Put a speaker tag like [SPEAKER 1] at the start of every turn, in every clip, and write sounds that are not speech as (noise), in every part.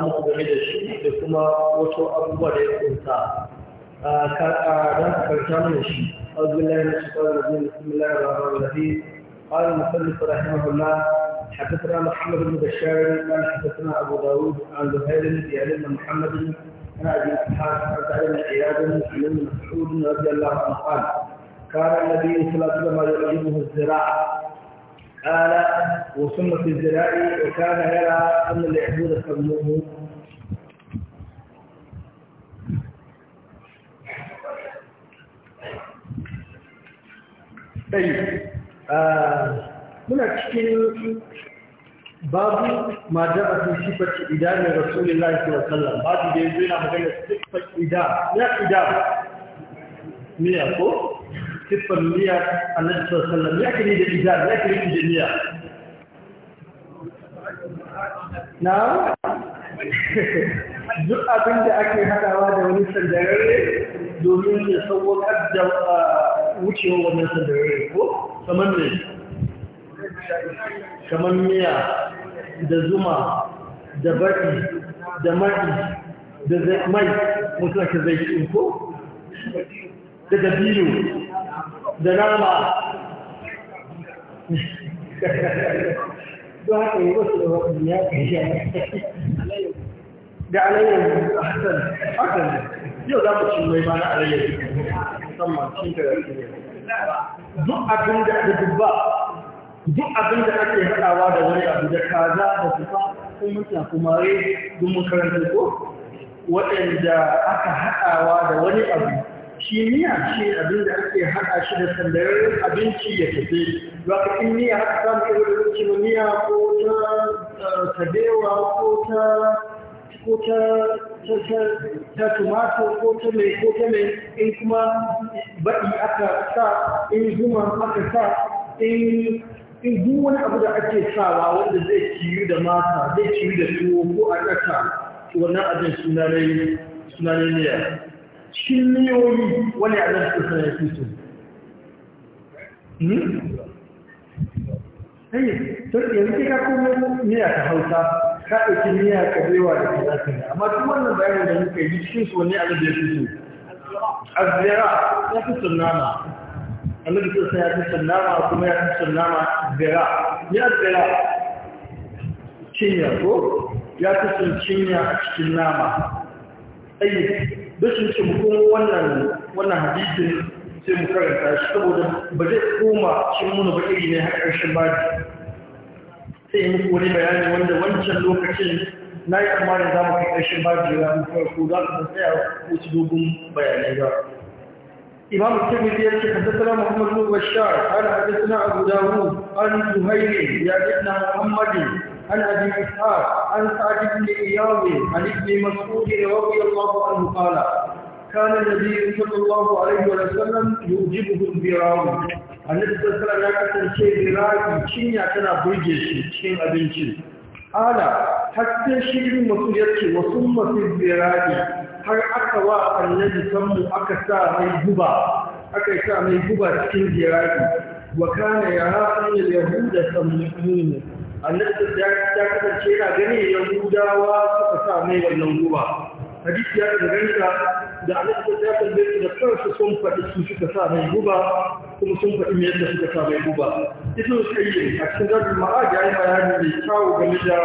[SPEAKER 1] an da shi da kuma wasu abubuwa da ya kunsa ka karanta mana shi أعوذ بالله من الشيطان الرجيم بسم الله الرحمن قال المصنف رحمه الله حدثنا محمد بن بشار قال حدثنا أبو داود عن زهير بن بن محمد عن أبي إسحاق عن سعيد بن عياد عن مسعود رضي الله عنه قال النبي صلى الله عليه وسلم يعجبه الزراعة قال وسمى في وكان يرى أن العبود سموه طيب هنا cikin babu ma ja'a fi sifati idan rasulullahi sallallahu alaihi wasallam babu da yana magana sifati idan ya idan ne ko siffar miya a sallallahu alaihi wasallam yake ne da ijaz yake ne da niyya na duk abin da ake hadawa da wani sandare domin ya sauwakar da wucewa wani sandare ko kamar ne miya da zuma da da mai da mai mutum
[SPEAKER 2] ka zai ko
[SPEAKER 1] da da nama da haka yi wasu da ya kashe da alayyar hasan hasan yau za mu ci mai mana alayyar musamman cin da duk abin da ake dubba duk abin da ake haɗawa da wani abu da kaza da tufa sun mutu kuma rai dun makarantar ko waɗanda aka haɗawa da wani abu kimiyya miya ce abin da ake haɗa shi da sandarar abinci ya tafi ba ka in miya haka samu irin rikin miya ko ta kabewa eh, ko ta ko ta ta ko ta mai ko ta mai in kuma baɗi aka sa in zuma aka sa in in duk wani abu da ake sawa wanda zai ciyu da mata zai ciyu da tuwo ko a ƙasa wannan abin suna ne suna ne shilmiyoyi wani
[SPEAKER 2] a nan su sana fi so
[SPEAKER 1] hanyar hmm? sun yanzu ka kuma miya ta hausa ka ɗauki miya ka kabewa da kaza kaza amma duk wannan bayanin da muka yi cikin su wani abin ya fi so azira ya fi sun nama annabi sun ya fi sun nama kuma ya fi sun nama zira ya zira cinya ko ya fi sun cinya a cikin nama tsayi duk ce mu wannan wannan hadisin sai mu karanta shi saboda ba zai koma shi muna ba iri ne har ƙarshen baji sai muku wani bayani wanda wancan lokacin na yi tsammanin za mu kai ƙarshen baji ya mu farko za mu tsaya wasu dogon bayanai ba إمام الترمذي يقول حدثنا محمد بن بشار قال حدثنا abu dawud an zuhairi ya ibn محمد عن أبي إسحاق عن سعد بن إياض عن ابن مسعود رضي الله عنه قال كان النبي صلى الله عليه وسلم يوجبه البراء عن صلى لا عليه وسلم يكتن شيء براء شين يكنا برجيش شين قال حتى شيء مسؤوليتي وصمة في البراء har aka wa annabi sanmu aka sa mai guba aka sa mai guba cikin jirage wa kana ya hafin yahuda sanmu annabi ta kasance yana gani yahudawa suka sa mai wannan guba hadisi ya danganta da annabi ta tambaye da kansu sun faɗi su suka sa mai guba kuma sun faɗi me yadda suka sa mai guba ibn qayyim a cikin zabul ma'aji ya yi bayani mai kawo game da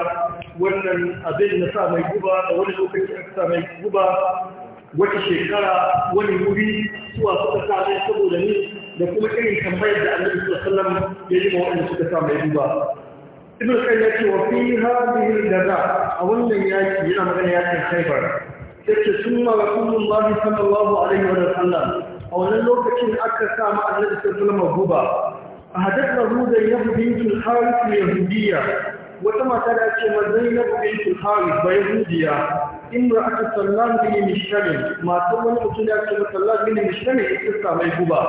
[SPEAKER 1] wannan abin na sa mai guba da wani lokaci aka sa mai guba wata shekara wani wuri suwa suka sa mai saboda ni da kuma irin tambayar da annabi sallallahu alaihi wasallam ya yi ma waɗanda suka sa mai guba ibn qayyim ya ce wa fi hadhihi gaza a wannan yaki yana magana yakin haibar yace sunna rasulullahi sallallahu alaihi wa sallam a wannan lokacin aka sa ma annabi sallallahu guba a hadatha ruda yahudin harith yahudiyya wata mata da ce mazainab bint harith ba yahudiyya imra aka sallam bin mishkam mata wani mutum da ce sallam bin mishkam ya sa mai guba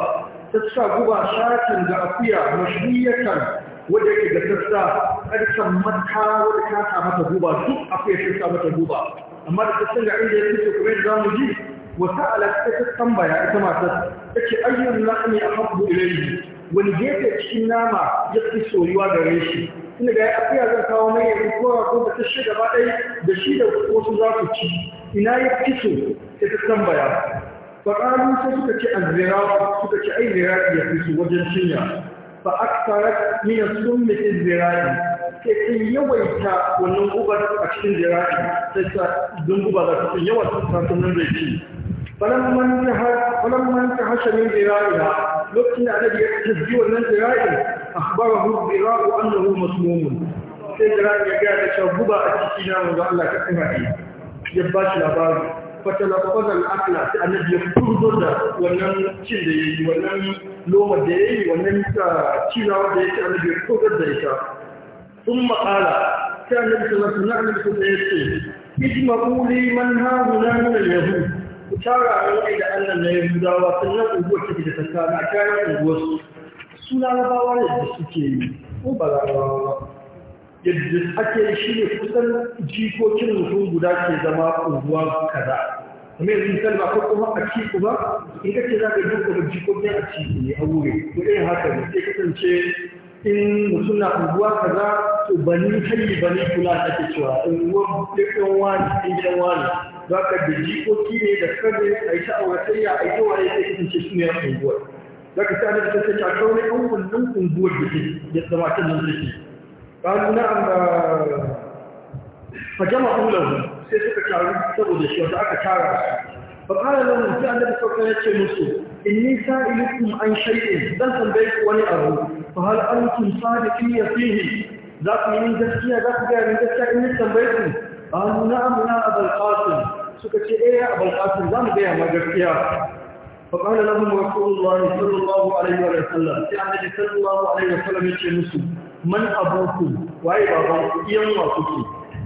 [SPEAKER 1] ta sa guba shatin da akuya mashiyatan wanda yake da sassa ƙarshen mata wanda ta sa mata guba duk akwai ya ta mata guba amma da sassan da inda ya fice kuma yadda zamu ji wata alaƙa ta tambaya ita matar ta ce ayyun na'ami a habbu ilayhi wani gefe cikin nama ya fi soyuwa gare shi inda ga ya zan kawo mai yanzu kowa ko da ta shi gaba ɗaya da shi da wasu za su ci ina ya fi so ta tambaya faƙalu sai suka ce azzira suka ce ai ya fi so wajen cinya Ba a aktarat min as-summi az-zira'i sai kin yawaita wannan gubar a cikin zira'i sai ta dunguba da cikin yawan nan da yake falamman ta falamman ta hasha min zira'iha lokacin da annabi ya tasbi wannan a zira'i akhbarahu zira'u annahu masmumun sai zira'i ya ga da guba a cikin nan ga Allah ka tsaya ya ba shi labari fatala ba wazan akla sai annabi ya fito da wannan cin da yayi wannan loma da yayi wannan cinawa da yake annabi ya fito da ita sun maƙala sai annabi ya alaihi wasallam annabi ko alaihi yake ya ce ijma'u li man hahuna min al-yahud ku tara ne da Allah na yahudawa sannan unguwar take da tsakana a kayan unguwar su Suna larabawa ne da suke yi ko ba yadda ake shi ne kusan jikokin mutum guda ke zama unguwa kaza kuma yanzu misali ba ko kuma a ciki ba in ka ce za ka duka kuma jikokin a ciki ne a wuri ko irin haka ne sai kasance in mutum na unguwa kaza to bani hayi bani kula da ke cewa unguwa ɗin wani Ɗan gidan wani za ka da jikoki ne da kare a yi sha'awatayya a yi waye sai kasance su ne a unguwa za ka sa da kasance a kawai an wannan unguwar da ke da zama ta nan ke قالوا نعم فجمعوا له سيسك تعرض سبب الشيء وتعك تعرض فقال لهم في النبي صلى الله عليه وسلم إني سائلكم عن شيء بل تنبيك ولي أرو فهل أنتم صادقين فيه ذاك من جسكية ذاك جاء من جسكية إني تنبيكم قالوا نعم يا أبا القاسم سكت إيه يا أبا القاسم ذاك جاء ما جسكية فقال لهم رسول الله صلى الله عليه وسلم في النبي صلى الله عليه وسلم يتشمسوا man abukum waye baban ku iyan wa kuke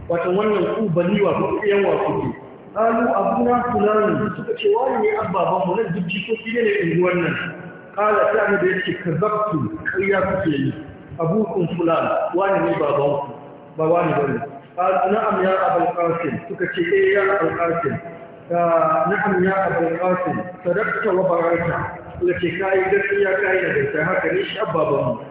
[SPEAKER 1] wato wannan ku bani wa ku iyan wa kuke qalu abuna fulani suka ce waye ne abbaban mu nan duk ko kide ne unguwan nan qala ta ne da yake kazabtu kariya kuke yi abukum fulan wani ne baban ku ba wani bane qalu na'am ya abul qasim suka ce eh ya abul qasim ah, na'am ya abul qasim sadaqta wa barakta lake kai gaskiya kai da haka ne shi abbaban mu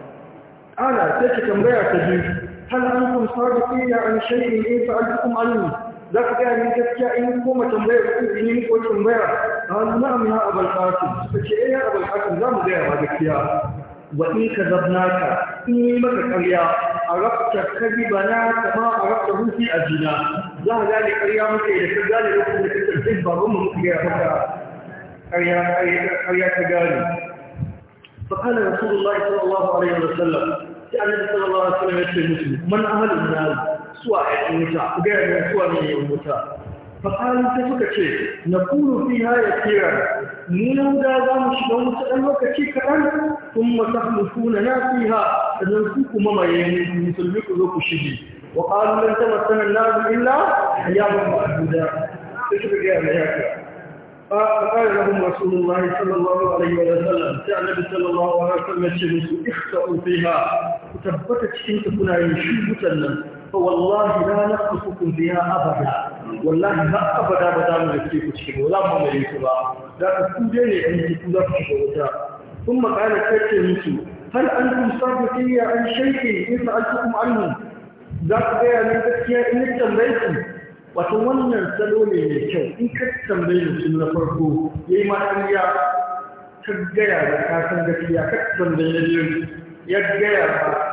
[SPEAKER 1] أنا تلك مريعة تجيب هل أنتم صادقين عن شيء إن فعلتكم عني لقد أن يجب أنكم مريعة تجيب وإنكم مريعة قال نعم يا أبا الحاكم فكي إيه يا أبا الحاكم لا مريعة هذا يا وإن كذبناك إني مكة يا أردت كذبنا كما أردته في أجنا ذا ذلك أيام كيف كذلك يقول لك تجيب رمك يا أبا أيام أيام كذلك فقال رسول الله صلى الله عليه وسلم sai annabi sallallahu alaihi wasallam ya ce musu man ahalun nar suwa ya wuta ku ga yana suwa ne ya wuta fa qalu sai suka ce na kulu fiha ya kira mu nan da za mu shiga wuta dan lokaci kaɗan kuma tahlufuna na fiha sannan ku kuma mai musulmi ku zo ku shige وقالوا لن تمسنا النار إلا أيام معدودة تشبه ya ملاكة فقال لهم رسول الله صلى الله عليه وسلم سأل النبي صلى الله عليه وسلم الشمس اخطأوا فيها تثبتت شمس كنا يشوف سنة فوالله لا نخصكم فيها أبدا والله لا أبدا بدا من يكتب الشمس ولا ما يكتبها ذاك كودين أن يكتب الشمس ثم قال كتب هل أنتم صادقين عن شيء إن سألتكم عنه ذاك بيان التسكية إن التنبيتم wato wannan salo ne mai kyau in ka tambaye mutum na farko ya yi matsariya ta gaya da kasan gaskiya ka tambaye na biyu ya gaya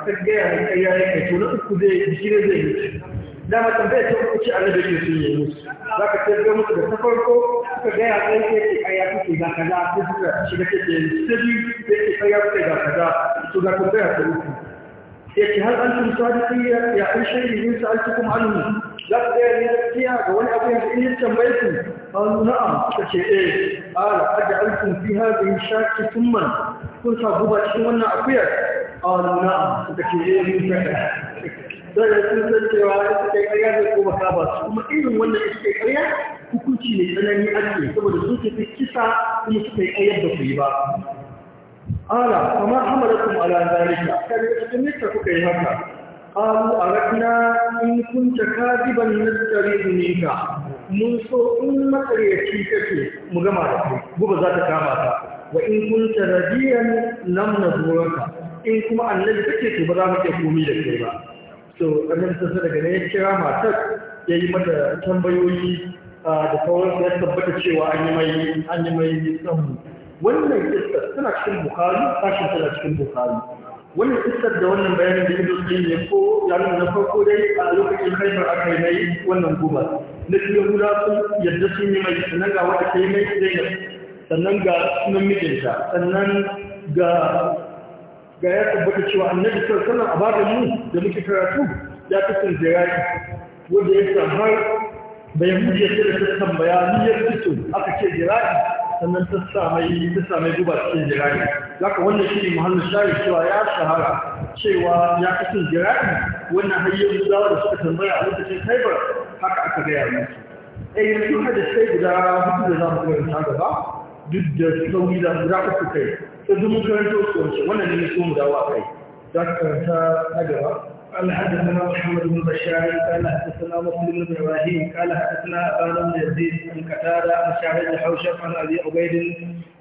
[SPEAKER 1] ta gaya da kariya ya kai to na uku zai shi ne zai da ma tambaye ta uku ce annabi ke sun yi musu za ka tambaye musu da ta farko ka gaya kai ke ke ku kuke ga kaza ko suka shiga ke ke ta biyu ke ke kariya ga kaza to ga tambaya ta uku yake har an tun sadiki ya an shaidi in sa'altukum anhu za ku gaya ne gaskiya ga wani abu yanzu in yi tambaye ku an na'am suka ce eh ala aja alkum fi hadhihi shaki thumman kun sa guba cikin wannan akuyar ala na'am suka ce eh mun fada sai da sun san cewa su kai ƙarya ne ko baka ba su kuma irin wannan su kai ƙarya hukunci ne tsanani ake saboda sun tafi kisa kuma su kai ƙaryar da ku yi ba ala kuma hamalakum ala zalika kare cikin nika kuka yi haka qalu aradna in kunta kadiban nastaridu minka mun so in makaryaci kake mu gama da ku. gobe za ta kama ta. wa in kunta radiyan lam naduraka in kuma annabi take to ba za mu ke komai da ke ba So, annabi sai daga ne ya kira matar yi mata tambayoyi ah, da sauransu ya tabbata cewa an yi mai an yi mai wannan kissa tana cikin bukari sashin tana cikin bukari wannan kissar da wannan bayanin da ido sun yi ko ya nuna na farko dai a lokacin haifar aka yi mai wannan guba na biyu guda sun yadda sun yi mai sannan ga wata ta yi mai ga sannan ga sunan mijinta sannan ga ga ya tabbata cewa annabi sallallahu alaihi wasallam a babin da muke karatu ya kasance jirage wanda ya har bayan mujiyar da ta tambaya ni ya fito aka ce jirage sannan ta mai ta guba cikin jirani zaka wannan shi ne muhallin shari cewa ya shahara cewa ya kasan jirani wannan hayyar dawo da suka tambaya a lokacin kaibar haka aka gaya musu eh yanzu hadisai guda hudu da za mu karanta gaba duk da sauri da guda uku kai sai duk mun su wannan ne mu dawo a kai za ka karanta na gaba قال حدثنا محمد بن بشار قال حدثنا مسلم بن ابراهيم قال حدثنا ابان بن يزيد عن قتاده عن شاهد حوشب عن ابي عبيد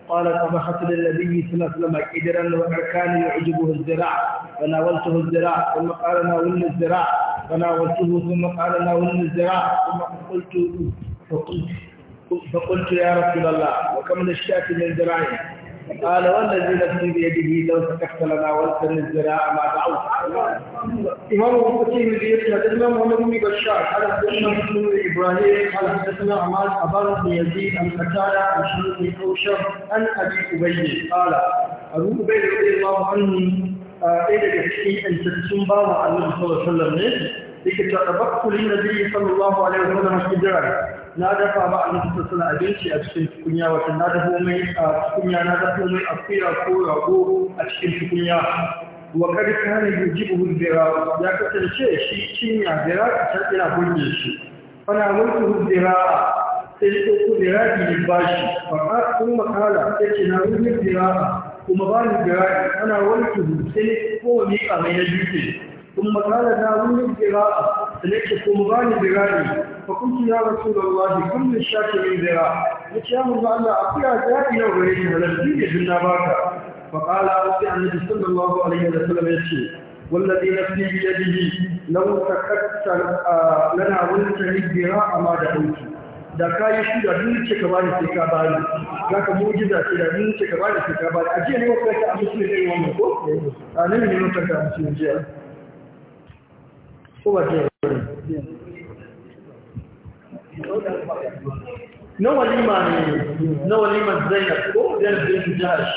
[SPEAKER 1] قال طبخت للنبي صلى الله عليه وسلم قدرا وكان كان يعجبه الزراع فناولته الزراع ثم قال ناولني الزراع فناولته ثم قال ناولني الزراع ثم قلت فقلت فقلت يا رسول الله وكم الشاة من ذراعي قال والذي نفسي بيده لو سكت لنا ولكن الزراعة ما دعوت إمام أبو كثير يقول حدثنا محمد بن بشار قال حدثنا مسلم بن إبراهيم قال حدثنا عماد أبان بن يزيد عن قتادة عن شهود بن كوشر عن أبي أبي قال أبو أبي رضي الله عنه ɗaya daga cikin ‘yantattun bawa annabi sallallahu alaihi wasallam ne yake ta tabakku lin yi sallallahu alaihi shi hijran na dafa ba annabi sallallahu alaihi abinci a cikin tukunya wata na dafa mai a tukunya na dafa mai akuya ko rago a cikin tukunya wa kad kana yujibuhu dira ya kasance shi cinya dira ta ina burge shi fana wurtu dira sai ko ku dira ne bashi fa kun makala sai na wurtu dira kuma ba ni dira ana wurtu sai ko ni a mai na ثم قال داروني الذراع فليس قمران ذراعي فقلت يا رسول الله كم للشاك من ذراع قلت يا مرضى الله أطيع ذاتي لو غريت هذا الدين في النباكة فقال أطيع النبي صلى الله عليه وسلم يسير والذي نفسي بيده لو سكت لنا ولتني الذراع ما دعوت da kayi shi da duk ce ka bani sai ka bani za ka mujiza ce da duk ce ka bani sai ka bani a jiya ne wata ka amince da yawan mako a nan ne wata ka amince da jiya
[SPEAKER 2] ko ba ta yi na walima ne na waliman zainab ko zainab bin
[SPEAKER 1] jahash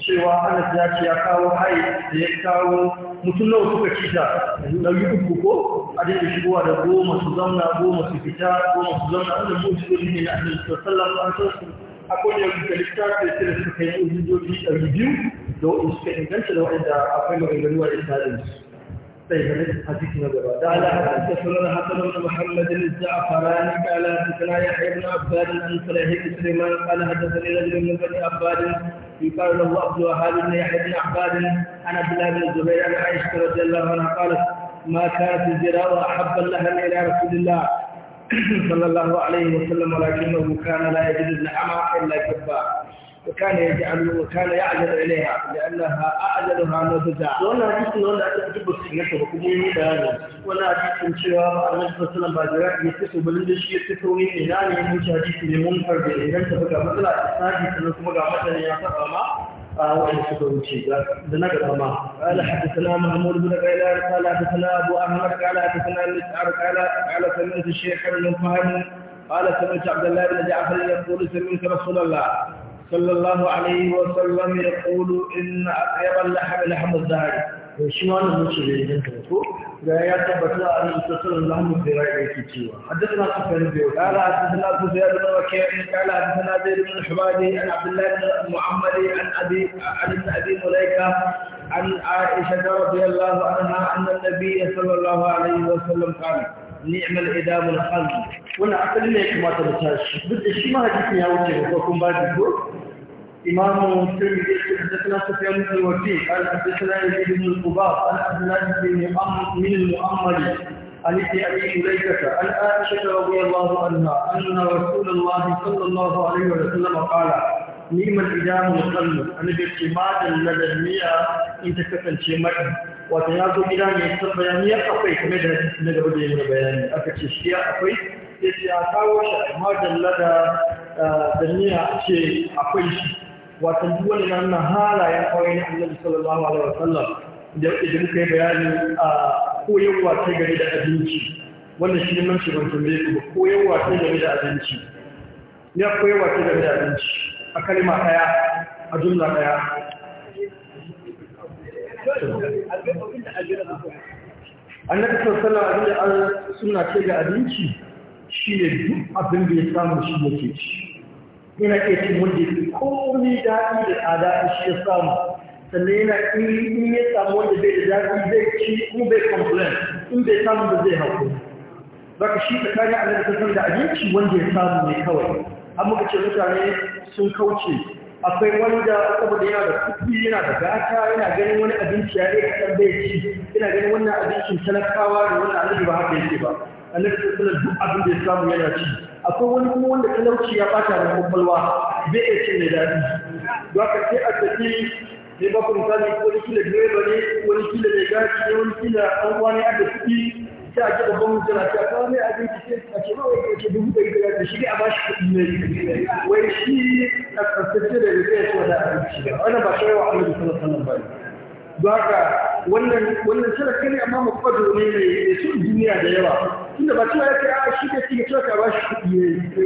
[SPEAKER 1] cewa anas ya ce ya kawo hai da ya kawo mutum nawa suka cita? ta ɗauki uku ko a dinga shigowa da goma su zauna goma su fita goma su zauna wanda mu su ne na annabi sallallahu alaihi wasallam akwai da rubuta littafi sai da suka yi ujijoji ɗari biyu da waɗanda suka inganta da waɗanda akwai da maganganu a isra'ila حديث قال حتى حدثنا حتى بن محمد الزعفراني قال حدثنا يحيى بن عباد عن صلاح بن سليمان قال حدثني رجل من بني عباد يقال له عبد الوهاب بن يحيى بن عباد عن عبد الله بن الزبير عن عائشه رضي الله عنها قالت ما كانت الزراعه احب لها الى رسول الله صلى الله عليه وسلم ولكنه كان لا يجد اللحم الا كفار وكان يجعل وكان يعجل اليها لانها اعجلها نضجا. وانا حديث ان وانا اجيب السنه وكم يوم بيان وانا حديث ان شيوا النبي صلى الله عليه وسلم بعد ذلك يكتب بلند شيء يكتبوني الى ان يمشي حديث لمنكر بإذن تبقى مثلا اسنادي سنكم بقى مثلا يا سلام قال حدثنا محمود بن غيلان قال حدثنا ابو احمد قال حدثنا الاشعر قال قال سمعت الشيخ بن فهم قال سمعت عبد الله بن جعفر يقول سمعت رسول الله صلى الله عليه وسلم يقول إن أطيب اللحم لحم الزهري وشمان المشرين لا يتبت أن يتصل اللحم في رأيك تيوى حدثنا سفيان بن قال حدثنا سفيان بن وكيع قال حدثنا زيد بن حبادي عن عبد الله بن محمد عن أبي عن ابن أبي مليكة عن عائشة رضي الله عنها أن النبي صلى الله عليه وسلم قال ni'mal idamul hazm wannan asali ne kuma ta tashi duk da shi ma hadisin ya wuce ba kun ba da ko imamu tirmidhi hadathana sufyan bin wati qala hadathana yazid bin al-qubab an abdullah bin min al-mu'ammali عن ابي مليكه عن عائشه رضي الله عنها ان رسول الله صلى الله عليه وسلم قال نعم الادام القلب ان باعتماد اللدنيه ان تكفن شيئا wato ya zo gida ne ta bayani ya akwai kuma da na gaba da yin bayani aka ce shi ya akwai ya ce a kawo shi amma dalla da da a ce akwai shi wato duk wani nan na halayen kawai na annabi sallallahu alaihi wasallam da da muka yi bayani a koyarwa ta gari da abinci wannan shi ne manci ban tambaye ku ba koyarwa ta gari da abinci ya koyarwa ta gari da abinci a kalma ɗaya a jumla ɗaya annabi sallallahu alaihi wasallam suna ce da abinci shine duk abin da ya samu shi yake ci yana iya cin wanda yake komai daɗi da tsada shi ya samu sannan yana in ya samu wanda bai da daɗi zai ci kuma bai complain in bai samu da zai haƙuri zaka shi tsakanin annabi sallallahu da abinci wanda ya samu ne kawai Amma ka ce mutane sun kauce akwai wanda saboda yana da kuɗi yana da gata yana ganin wani abinci ya rika kan bai ci yana ganin wannan abincin talakawa da wani annabi ba haka yake ba annabi sallallahu alaihi duk abin da ya samu yana ci akwai wani kuma wanda talauci ya bata da kwakwalwa bai iya cin mai daɗi ba ka sai a tafi ne ba ku misali wani kila direba ne wani kila mai gashi ne wani kila an wani aka kuɗi sai a ce babban mutum na cewa kawai mai abinci sai a ce ma wai ɗauke dubu ɗari ɗari da shi ne a bashi kuɗi ne wai shi a tsaftace da ya zai tuwa da abinci da wannan ba shi yawa annabi sallallahu alaihi wasallam ba ka wannan wannan sadaka ne amma mukwado ne mai sun duniya da yawa tunda ba cewa ya kai a shi da shi ga cewa ka bashi kuɗi ne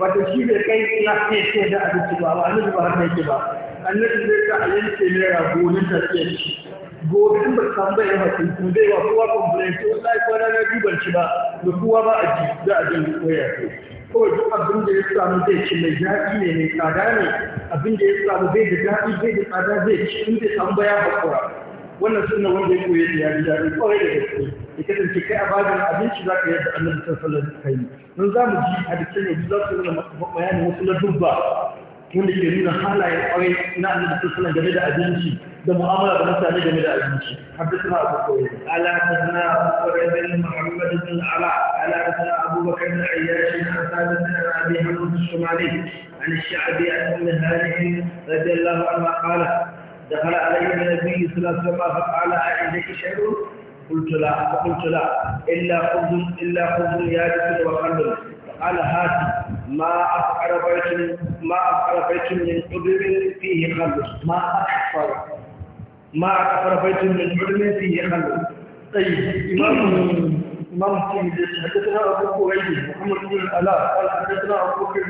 [SPEAKER 1] wato shi da kai na sai da abinci ba ba annabi ba haka ba annabi zai ka a yanke naira gonin tafiya shi gobe in ba samu bai yawa sai kuma zai wa kowa complain to wallahi kwana na biyu ban ci ba da kowa ba a ji za a jin koya to kawai duk abin da ya samu zai ci mai daɗi ne mai tsada ne abin da ya samu zai da daɗi zai da tsada zai ci in zai samu baya hakura wannan sunna wanda ya koye da ya ji daɗi kwarai da gaske ya kasance kai a babin abinci za ka yadda annabi sallallahu alaihi wasallam kai mun za mu ji hadisi ne za su nuna bayanin wasu na dubba wanda ke nuna halayen kwarai na annabi sallallahu alaihi game da abinci da mu'amala da mutane game da abinci حدثنا ابو كويس قال حدثنا ابو كويس بن محمد بن علاء قال حدثنا ابو بكر بن عياش عن ثابت بن ابي حمد الشمالي عن الشعبي عن ام هانئ رضي الله عنها قالت دخل علي النبي صلى الله عليه وسلم فقال اعندك شيء قلت لا فقلت لا الا خبز الا خبز يابس وخمر alhaji ma a ƙarfarcin ma a ƙarfarcin yin ƙudurin fiye kallus ma imam kim da ta ta tana a koko rai muhammadu ala ta tana a koko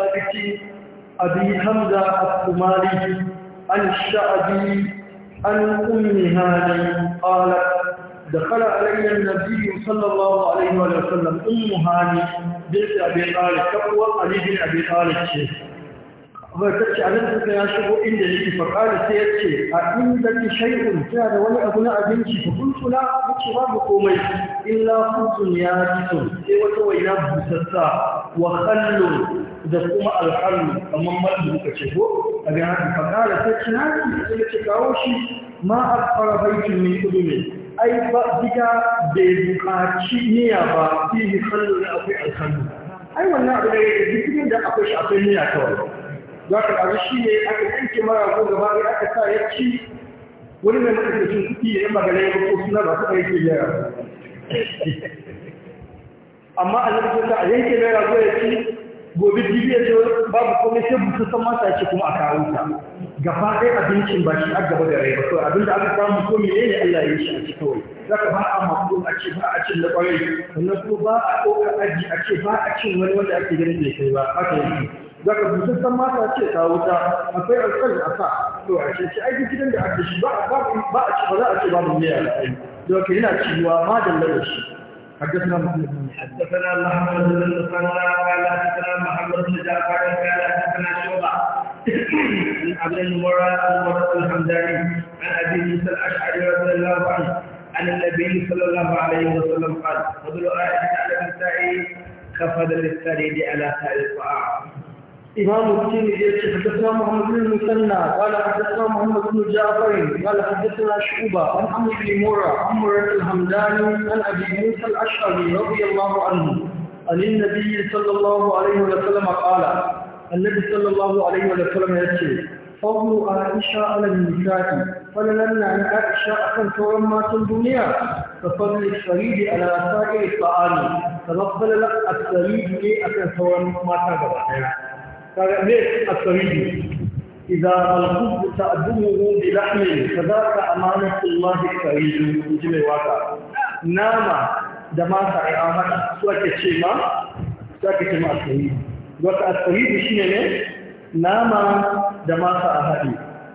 [SPEAKER 1] rai hamza a kumari an sha'abi an ummi hali qalat دخل علي النبي صلى الله عليه وسلم أم هاني بنت أبي طالب تقوى علي بن أبي طالب شيخ فتش علمتك يا شبو إن لك فقال سيدك أعندك شيء كان ولا أبناء بنتي فقلت لا بشراب قومي إلا خبز يابس سوى ويناب بسسا وخل دقوم الحل أمام ملبك شبو أجهد فقال سيدك ناكي سيدك كاوشي ما أكثر بيت من أدمي ai ba gida bai buƙaci niyya ba fihi da akwai alkhallu ai wannan abu da yake cikin da akwai shi akwai niyya kawai za ka ɗaru shi ne aka yanke mara ko gaba ne aka sa ya ci wani mai matsakaicin kuɗi ya yi magana ya ko suna ba suka yake yara amma a nan a yanke naira zuwa ya ci gobe jibi ya ce babu komai sai busu san masa ce kuma a kawo ta gaba ɗaya abincin ba shi a gaba da rai ba kawai abinda aka samu ko mene ne Allah ya yi shi a ci kawai za ka ba a mafi a ce ba a cin da ƙwarai sannan ko ba a ɗaukar aji a ce ba a cin wani wanda ake ganin da kai ba haka yake za ka busu san mata ce kawo ta akwai alƙal a sa to a ce shi aiki gidan da ake shi ba a ci ba za a ce babu miya da aiki. yi ke yana ciwa ma da shi. حدثنا محمد حدثنا محمد بن المثنى قال حدثنا محمد بن جعفر قال حدثنا شعبة عن عبد المراد المراد الحمداني عن ابي موسى الاشعري رضي الله عنه عن النبي صلى الله عليه وسلم قال فضل آية
[SPEAKER 2] على النساء
[SPEAKER 1] كفضل الثريد على سائر الطعام إمام الدين حدثنا محمد بن المثنى قال حدثنا محمد بن جعفر قال حدثنا شعبة عن عمرو بن مرة عن مرة الهمداني عن أبي موسى الأشعري رضي الله عنه عن النبي صلى الله عليه وسلم قال النبي صلى الله عليه وسلم يقول فضل عائشة على النساء فلنمنع عن عائشة أكن تورم ما الدنيا كفضل الفريد على سائر الطعام فنقبل لك الفريد لي أكن تورم ما تنبغي kaga ne asaridu idza alqud ta'duhu bi lahmin fadaka amanatullahi karidu jime waka nama da masa ai haka hada su ake ce ma su ake ce ma asaridu wata asaridu shine ne nama da masa a haɗe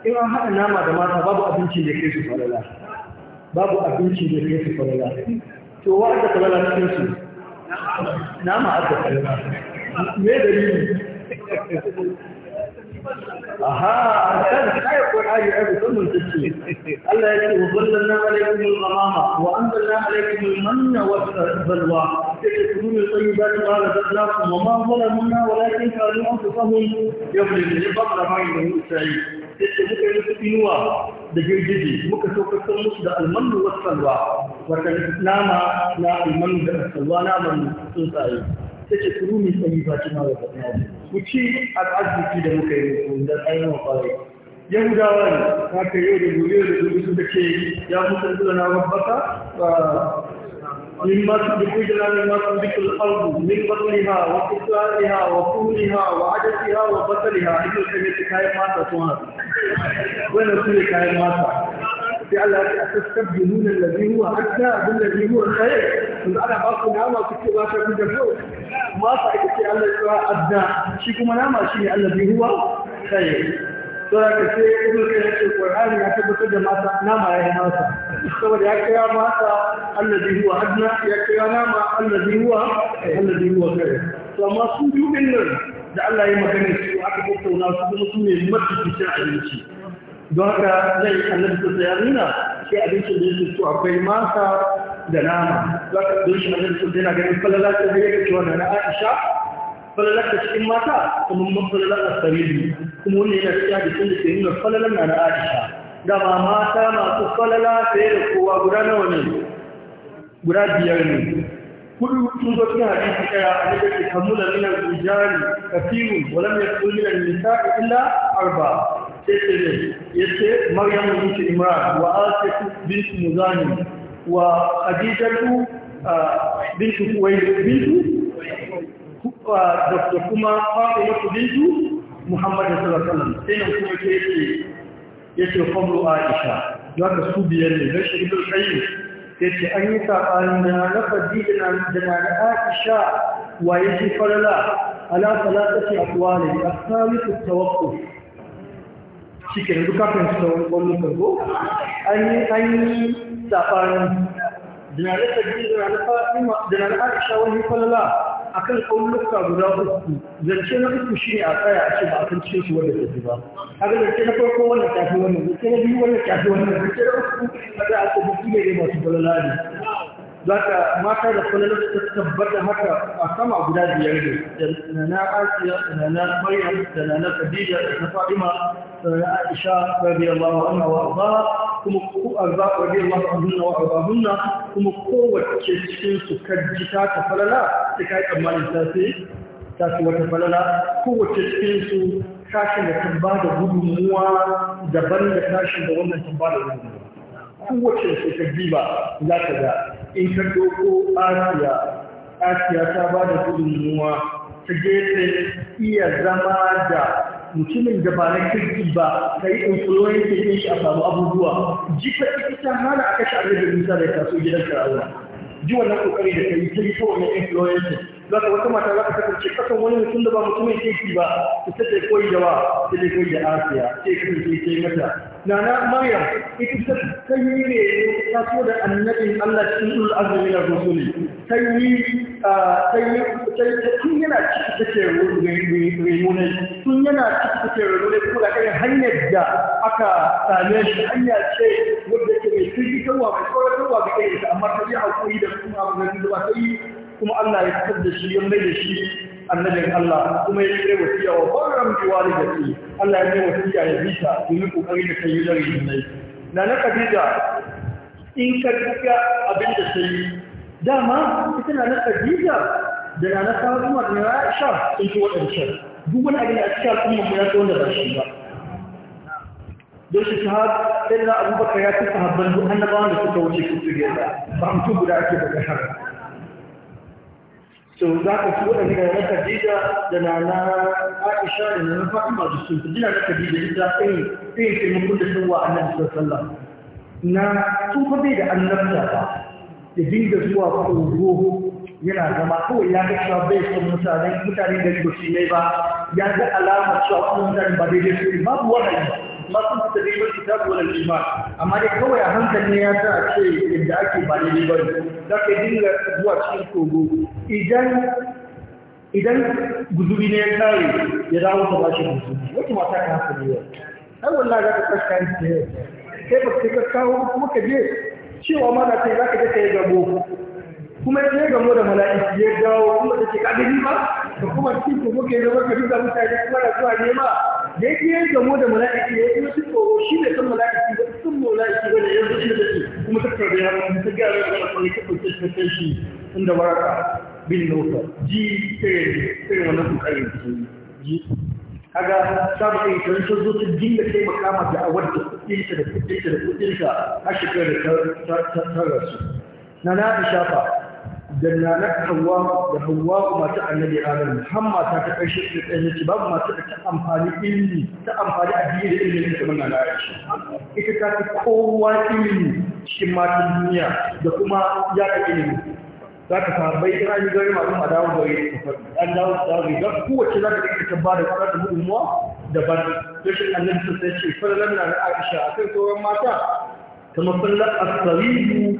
[SPEAKER 1] in an haɗa nama da masa babu abincin da kai su falala babu abincin da kai su falala to wa aka falala cikin su
[SPEAKER 2] nama aka falala me dalili aha kan kai qur'ani Allah ya ce wa zallalna alaykum
[SPEAKER 1] al-ghamama wa anzalna alaykum al-manna muka yi da girgiji muka musu da wata nama na da na sun ta ce kuru mai tsayi ba kina da faɗi ku ci al'arziki da muka yi muku da tsayin wa kwarai yahudawa ne haka yau da gobe da gobe suka ce ya mutan zuwa na babbaka مما تخرجنا مما تنبت الارض من بطنها وكسائها وطولها وعدسها وبطلها ta تيميه كاي ماتا سوها وين بألا تستبدلون الذي هو حتى بالذي هو خير من أنا باقي نعمة في ما في الجبل ما في كتير على سواء أبدا شيء كم نعمة شيء الذي هو خير ترى كتير كل كتير في القرآن يعني كتير بس جماعة نعمة هي ما سا استوى يا كيا ما سا الذي هو أبدا يا كيا نعمة الذي هو الذي هو خير فما سوى جبل لعل يمكن سواء كتير ولا سواء كتير ما تبي تعلم شيء don haka zai annabi sassa ya nuna sai abincin da yake so akwai mata da nama za ka don shi annabi sassa yana ganin falala ta zai ga cewa da na aisha falala ta cikin mata kuma mun falala a sarili kuma wannan yana cikin hadisin da ke nuna falalan na na aisha Da dama mata masu falala fiye da kowa guda nawa ne guda biyar ne kudu sun zo
[SPEAKER 2] cikin hadisi daya
[SPEAKER 1] a nake kamula minan rijali kafirun walam yakul minan nisa'i illa arba yace maryam bint imran wa asif bint muzani wa khadijatu bint kuwait bint da kuma fatimatu bint muhammad sallallahu alaihi wasallam sai na kuma ke yace yace qablu aisha daga su biyar ne da shi ibn qayyim yace an yi sabanin na na da na aisha wa yace farala ala salatati aqwali as-salisu tawaqquf shi ke yanzu kafin su sauran kwallon kargo an yi an yi safarin akan sabi jinarar aisha wani kwallala a kan kwallonka guda uku zance na uku shi ne a tsaya a ce ba a kan cikin wanda ta fi ba haka zance na farko wannan tafi wannan zance na biyu wannan tafi wannan zance na uku a za a ce duk ne masu kwallala ne za ka mata da kwallon su ta tabbata haka a sama guda biyar ne da na asiya da na maryam da na na khadija da na fadima da na aisha radiyallahu anha wa arda kuma ku arda radiyallahu anha wa ardahunna kuma kowace cikin su kaji ta ta falala ta kai tsammanin ta sai ta ci wata falala kowace cikin su kashin da ta ba da gudunmuwa daban da kashin da wannan ta ba da gudunmuwa kowace su ta ba za ka ga in ka doko asiya asiya ta ba da nuwa ta gefe iya zama da mutumin da ba na kirki ba ka yi influencing ɗin shi a samu abubuwa jika ita hana a kashe abin da nisa da ya taso gidan karawa ji wannan kokari da ka yi ta yi ta wannan zaka ka wata mata za ka kasance kasan wani mutum da ba mutumin kirki ba ki ta koyi da wa ta ta koyi da asiya ta yi kasance ta yi mata nana maryam ita ta ta yi ne ta so da annabin allah cikin ulul azumi na rusuli ta kai ta yi yana ciki take ne tun yana ciki take ruwa ne da kai hanyar da aka same shi hanya ce wanda ke mai sirri ko mai tsoratarwa ga kai amma ta yi haƙuri da kuma maganganun da ba ta yi kuma Allah ya fitar da shi ya mai da shi annabin Allah kuma ya kire wasiya wa barram bi walidati Allah ya yi wasiya ya bita domin kokari da kai yudar jinnai na na Khadija in ka duka abin da sai dama ita na na Khadija da na na kuma da na Aisha sun ci wadancan duk wani abin da a cikin al'umma mu ya tsawon da shi ba don shi shahad ɗin na abubakar ya fi sahabban duk annabawan da suka wuce su su gaza ba mutum guda ake da shahara so za ka ci waɗanda na Khadija da na na Aisha da na Fatima da sun fi jina na Khadija ita ɗin taimakon da sun wa annabi sallallahu na tufa bai da annabta ba da dinga zuwa kogo yana zama kawai ya ga cewa bai son mutane mutane da ba su mai ba ya ga alamar cewa kuma mutane ba daidai su babu wahayi ma sun fita da ibar kitab wala iman amma dai kawai a hankali ne ya sa a ce yadda ake ba daidai ba za ka dinga zuwa cikin kogo idan idan guzuri ne ya kare ya dawo ka ba shi guzuri wata mata ka haka ne yau har wallahi za ka tsaka ne yau sai ba ka kawo kuma ka je cewa ma za ka za ka je ka yi gabo kuma ya ga mu da mala'iki ya dawo kuma da ke kadari ba da kuma cikin ku kuke zama ka duka mutane kuma da zuwa nema da yake ya ga mu da mala'iki ya yi wasu tsoro shi ne san mala'iki da sun mala'iki ba da ya zo shi da ke kuma ta karbi ya mun ta gyara da kuma ta kuce ta kai shi inda baraka bin nauta ji sai sai wannan kokarin da ji kaga sabu kai kan so zo ta dinga kai makama da awar da kudin da kudin da kudin ka shekarar ta ta na fi shafa da nanar hawa da hawa masu annabi adam hamma ta ta kai shi da tsaye ce babu masu da ta amfani ilimi ta amfani addini da ilimi da kamar na aisha ita ta fi kowa ilimi cikin matan duniya da kuma ya ta ilimi za ka fara bai an yi gari masu madawa da gari ta faɗi an dawo da gari ga kowace za ka ɗaya ta ba da kwanar da gudunmuwa daban rashin annabi sun sai ce fara na aisha a kan sauran mata kamar fallar asariyu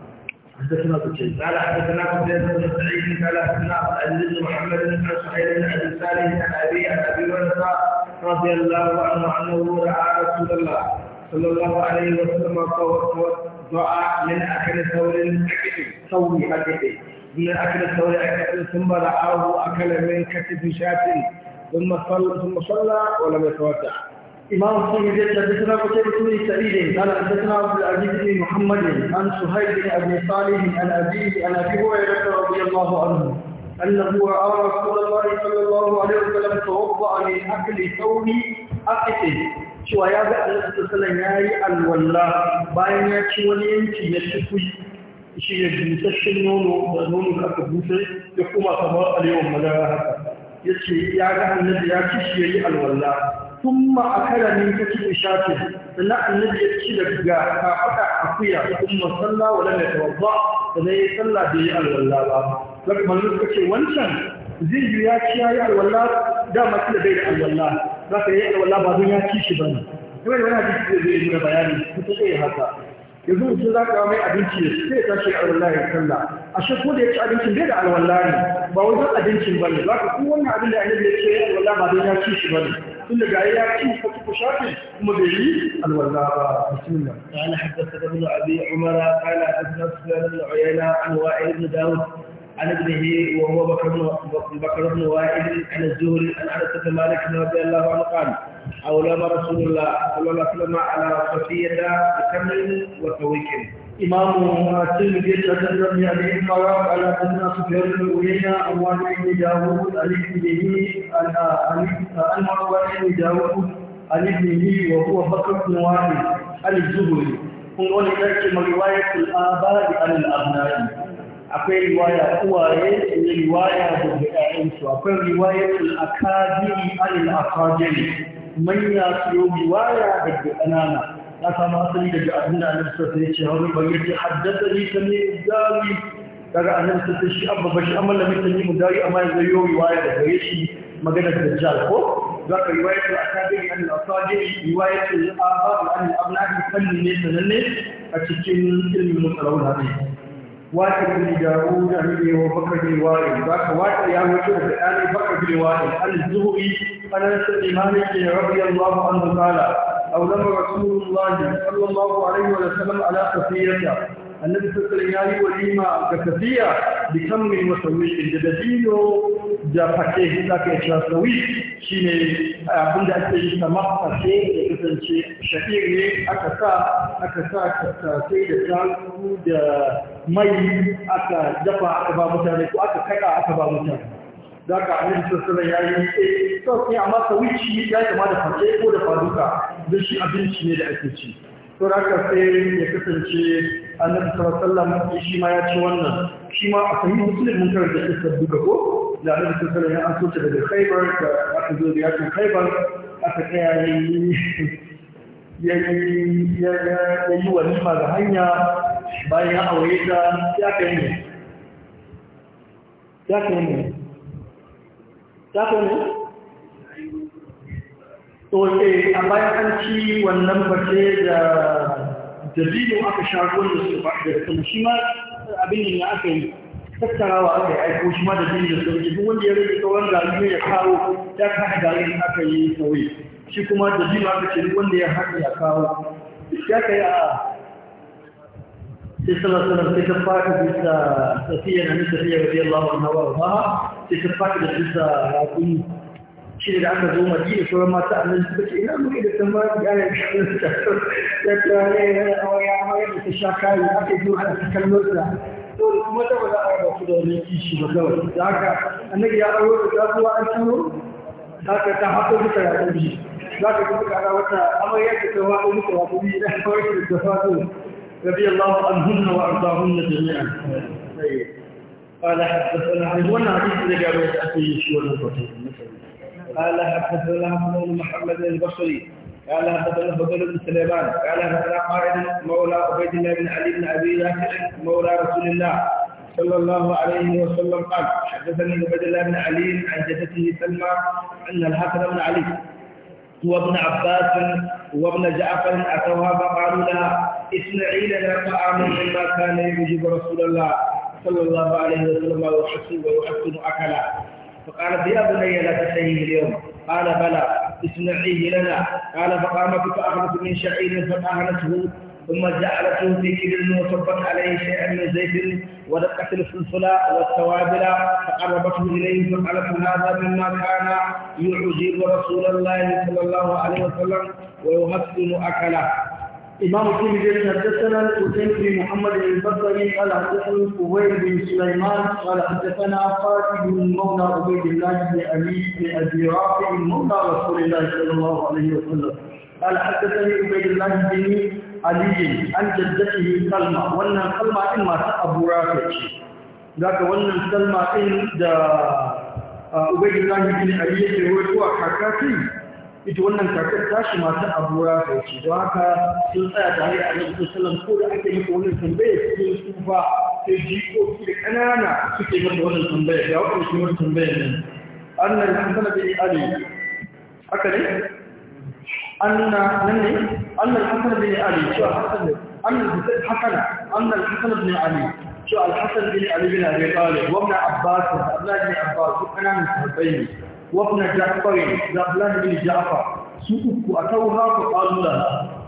[SPEAKER 1] حدثنا بكير قال حدثنا قتيبة بن سعيد قال حدثنا عبد العزيز بن محمد بن سعيد بن ابي صالح عن ابي عن ابي هريره رضي الله عنه انه راى رسول الله صلى الله عليه وسلم وضع من اكل ثور ثور حدثه من اكل ثور ثم رآه اكل من كتف شاة ثم صلى ثم صلى ولم يتوضا إمام مسلم جل حدثنا قتيبة بن سعيد قال حدثنا عبد العزيز بن محمد عن سهيل بن أبي صالح عن أبيه عن أبي هريرة رضي الله عنه أنه رأى رسول الله صلى الله عليه وسلم توضأ من أكل ثوب أقته cewa ya ga Allah ta ya yi alwalla bayan ya ci wani yanki ya tafi shi ya busasshen nono da nono da aka busa ya kuma kamar alewar madara haka ya ce ya ga annabi ya ci shi ya yi alwalla thumma akala min katibi shatin sannan annabi ya ci daga kafada akuya thumma salla wa lam yatawadda sannan ya salla bai alwalla ba zaka mallu ce wancan zai yi ya ci yayi alwala da mace bai da alwalla, za ka yi alwalla ba don ya ci shi ba. bane kuma da wani hadisi zai yi bayani kuma sai haka yanzu mutum za ka mai abinci sai ya tashi alwalla ya sallah. a shi ko da ya ci abincin bai da alwalla ne ba wajen abincin ba ne za ka kuma wannan abin da annabi ya ce alwalla ba don ya ci shi ba ne tunda ga ya ci ka ku shafe kuma bai yi alwala ba bismillah ibn abi ibn uyayna an wa'id ibn daud عن ابنه وهو بكر بن بكر بن إمام الترمذي تقدم يعني إما على أن سفيان بن عيينة عن وائل بن داوود عن ابنه عن وائل بن داوود عن وهو بكر بن وائل عن الزهري kun ga wani ɗarki mariwayatul aba da alil abnani akwai riwaya uwaye da riwaya daga ƴaƴansu akwai riwayatul akabiri alil akabiri manya su riwaya daga ƙanana na samu asali daga abin da annabi sallallahu alaihi wasallam ya ce wani bayyana haddasa ni sami dawi daga annabi sallallahu alaihi shi abba bashi amma lamin sami mu dawi amma yanzu yau riwaya da gare shi maganar dajjal ko za ka riwaya ta akabi an al-asadi riwaya ta al-abab an al-abnahi fanni ne sananne a cikin ilmin musalawun hadisi wata ne da ruda ne wa baka ne wari ba ka wata ya mutu da ɗani baka ne wari an zuhuri an sa imani ke rabiyallahu an qala أو لما رسول الله صلى الله عليه وسلم على خفيته النبي صلى الله عليه وسلم كفية بكم وسويق الجديد جافتيه ذاك إشراف سويق شيني عند أتي سمح فشيء يكتن شيء شهير لي أكسا أكسا أكسا سيدة جانكو دا مي أكا دفع أكبر متانيكو أكا كلا أكبر متانيكو za ka annabi eh, sassanan ya yi a sauƙi amma sawici ya kama da fashe ko da faduka don shi abinci ne da ake ci to aka sai ya kasance annabi sallallahu alaihi shi ma ya ci wannan shi ma a sahih muslim mun karanta kissar duka ko da annabi sallallahu alaihi an soke daga Khaibar da aka zo da yakin Khaibar aka tsaya ya yi ma ga hanya bayan ya aure ta ya kai ne ya kai ne za ku ne? Oke, eh, a bayan an ci wannan bace da dalilin aka sha da su ba da kuma shi ma abin yin aka yi tattarawa aka yi aiko shi ma da dabino da sauki duk wanda ya rage tsawon dalilin ya kawo ya kada dalilin aka yi sauyi shi kuma dalilin aka ce wanda ya haɗe ya kawo ya kai a صلى الله عليه وسلم تكفاك بيسا سفية نمي سفية رضي الله عنها وارضاها تكفاك بيسا راكم شيء لعك زوما دي شو ما تعمل بس إنا ممكن تسمع يعني تكلم أو يا ما يتشاكا يأكل جوا على تكلمنا dole kuma ta bada a rasu da wani kishi ba kawai da haka annabi ya aure da ta zuwa an turo da haka ta haɗo duka ya ɗauki za ka kuma kara wata amarya ta ta haɗo duka ya ɗauki da kawai da ta رضي الله عنهن وارضاهن جميعا طيب. قال حدثنا هو حديث اللي قالوا يتاكل شو قال حدثنا محمد بن محمد البصري قال حدثنا فضل بن سليمان قال حدثنا قائد مولى عبيد الله بن علي بن ابي ذاكر مولى رسول الله صلى الله عليه وسلم قال حدثني عبيد الله بن علي عن جدته سلمى ان الحسن بن علي وابن عباس وابن جعفر أتوها فقالوا لها اصنعي لنا طعاما مما كان يعجب رسول الله صلى الله عليه وسلم ويحسن ويحسن أكلا فقالت يا بني لا تحيي اليوم قال بلى اصنعيه لنا قال فقامت فأخذت من شعير فأهنته ثم جعلته في كل وصبت عليه شيئا من زيت ودقت السلسلة والتوابل فقربته إليه فقالت هذا مما كان يعجب رسول الله صلى الله عليه وسلم ويغسل أكله إمام الترمذي حدثنا الحسين بن محمد البصري قال حدثنا الكويت بن سليمان قال حدثنا قاتل بن مولى عبيد الله بن أبي بن أبي رافع مولى رسول الله صلى الله عليه وسلم قال حدثني عبيد الله بن aliyin an jaddatihi kalma wannan kalma ɗin masu abu rafi ce daga wannan kalma ɗin da ubangiji zahi bin ali yake ruwa kakati ita wannan kakar tashi masu abu rafi ce don haka sun tsaya tare a nan sallam ko da ake maka wannan tambaya cikin tsufa sai jikoki da ƙanana suke maka wannan tambaya ya wata shi wannan tambaya ne annan hasan bin ali haka ne anna nan ne anna al-hasan ali cewa hasan anna hasan anna al-hasan ali cewa al-hasan bin ali bin abi talib wa ibn abbas abdullah bin abbas kana min sahabbai wa ibn ja'far abdullah bin su uku a tauha ko qalula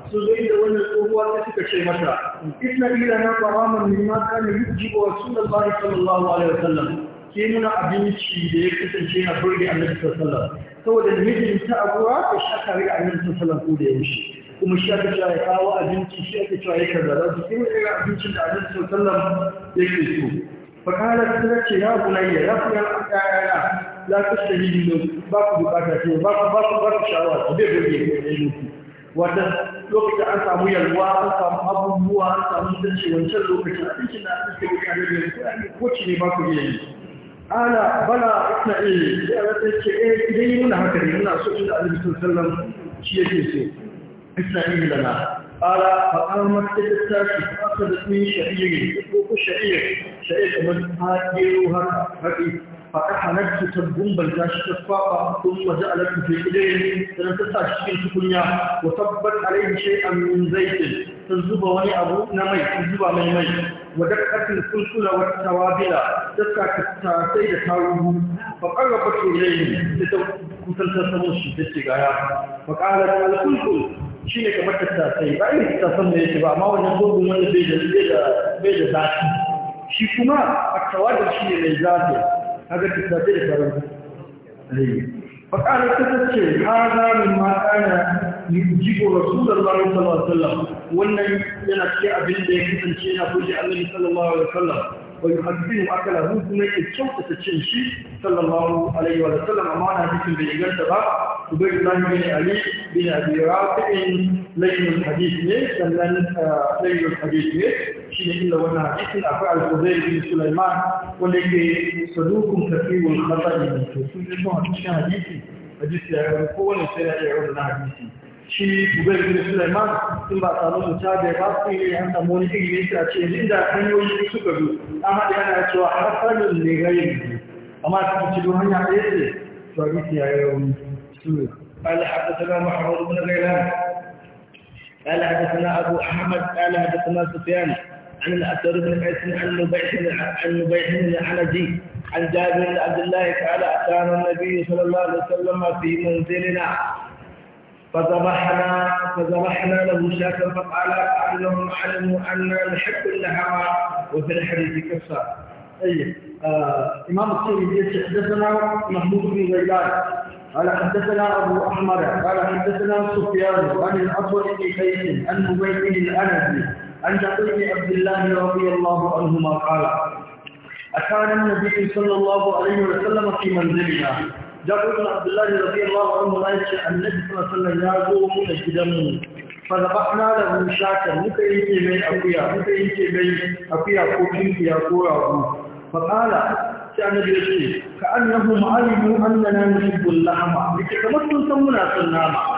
[SPEAKER 1] su zai da wannan tsohuwar ta suka ce mata isna ila na qaraman mimma kana yujibu rasulullahi sallallahu alaihi wasallam ke nuna abinci da ya kasance na burge annabi saboda mijin ta abuwa ko shi aka riga annabi sallallahu alaihi da yaushe kuma shi aka cewa ya kawo abinci shi aka cewa ya kaza za su kuma irin abincin da annabi sallallahu ya ke so fakalar ta ce ya bunayya ya fi yan ƙayana la ta shahidi ne ba ku bukata ce ba ku ba ku ba ku shawara ku bai goge ko ɗaya muku wanda lokacin an samu yalwa an samu abubuwa an samu mutunci wancan lokacin abincin da aka ce ko ci ne ba ku iya yanzu. ana bala na iya yara ce eh idan yi nuna haka ne muna so inda alibi sun sallam shi yake
[SPEAKER 2] so isna iya lana
[SPEAKER 1] ala fa'amar ta ta tashi fasa da tsin sha'iri ko ko sha'iri sha'iri kamar ta gero haka haɗi waje تبون بلجاش تفاقا ثم جعلت في إليه سنتسع شيء كنيا وصبت عليه شيئا من زيت sun zuba wani abu na mai sun zuba mai mai wadda kasin sulsula wata tawabila da ta sai da taruhu fa karraba to ne da ta kusantar samun shi ta ce gaya fa kala da alkulkul shi ne kamar tasai ba ta san da yake ba amma wannan gungun wani bai da bai da zafi shi kuma a tawadar shi ne mai zafi kaga tattasai da taruhu fa kala ta ce ha min ma kana يجيب رسول الله صلى الله عليه وسلم وأن ينا كي أبن دي كتن شينا فوجي أمن صلى الله عليه وسلم ويحدثين أكل هو سمي كتشو تتشن شي صلى الله عليه وسلم أما أنا هديث بن إيجان تبا سبيل الله بن علي بن أبي رافع لين الحديث مي كان آه، لين الحديث مي شين إلا وأنا حديث أفعل قبير بن سليمان ولكي صدوكم كثير الخطأ من سبيل الله حديث حديث يعرفون سنة يعرفون حديث shi kubar bin suleiman sun ba samu mutu da ba su yi an samu wani iri ne su a ce inda hanyoyi suka bi an haɗe yana cewa hasanin ne gayin amma su ci don hanya ɗaya ce to a bisi ya yi rauni sura قال حدثنا محمود بن غيلان قال حدثنا ابو احمد قال حدثنا سفيان عن الاثر بن قيس عن نبيح عن نبيح بن الحنجي عن جابر بن عبد الله قال اتانا النبي صلى الله عليه وسلم في منزلنا فذبحنا فذبحنا له شاة فقال أنهم علموا أن نحب النهار وفي الحديث كفى طيب آه إمام السيد حدثنا محمود بن غيلان قال حدثنا أبو أحمر قال حدثنا سفيان عن الأسود بن قيس عن بن الأنبي عن بن عبد الله رضي الله عنهما قال أكان النبي صلى الله عليه وسلم في منزلنا jabir ibn abdullah radiyallahu anhu ma yace annabi sallallahu alaihi ya zo mu da gidan mu fa zabahna lahu shatan muka yanke mai akuya muka yanke mai akuya ko kinkiya ko rago fa qala sai ce ka annahu kamar muna son nama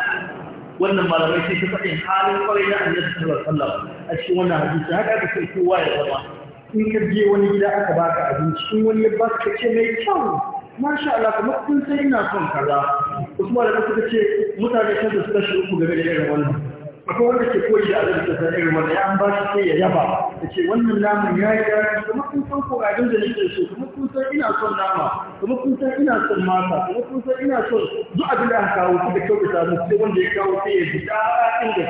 [SPEAKER 1] wannan malamai sai ta faɗin halin kwarai na annabi sallallahu alaihi a cikin wannan hadisi haka aka sai kowa ya zama in ka je wani gida aka baka abinci in wani ya baka ce mai kyau masha Allah kamar sun sai ina son kaza Usman da suka ce mutane kan da suka shi uku game da irin wannan akwai wanda ke koyi da azabta da irin wanda ya an ba shi sai ya yaba da ce wannan namun ya yi dadi Kamar kun san ko kokarin da nake so kamar kun san ina son nama kamar kun san ina son mata kamar kun san ina son duk abin da aka kawo ku da kyau da samu sai wanda ya kawo sai ya ji daɗin gaske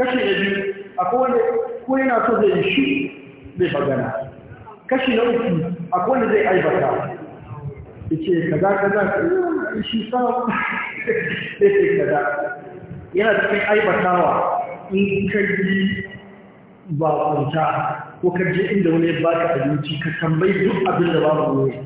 [SPEAKER 1] kashi na biyu akwai wanda ko yana so zai yi shi zai bagana kashi na uku akwai wanda zai aibata yace kaza kaza shi sa
[SPEAKER 2] sai
[SPEAKER 1] (laughs) kaza yana cikin aibatawa in ka ji ba kunta ko ka je inda wani ba ka abinci ka tambayi duk abin da babu ne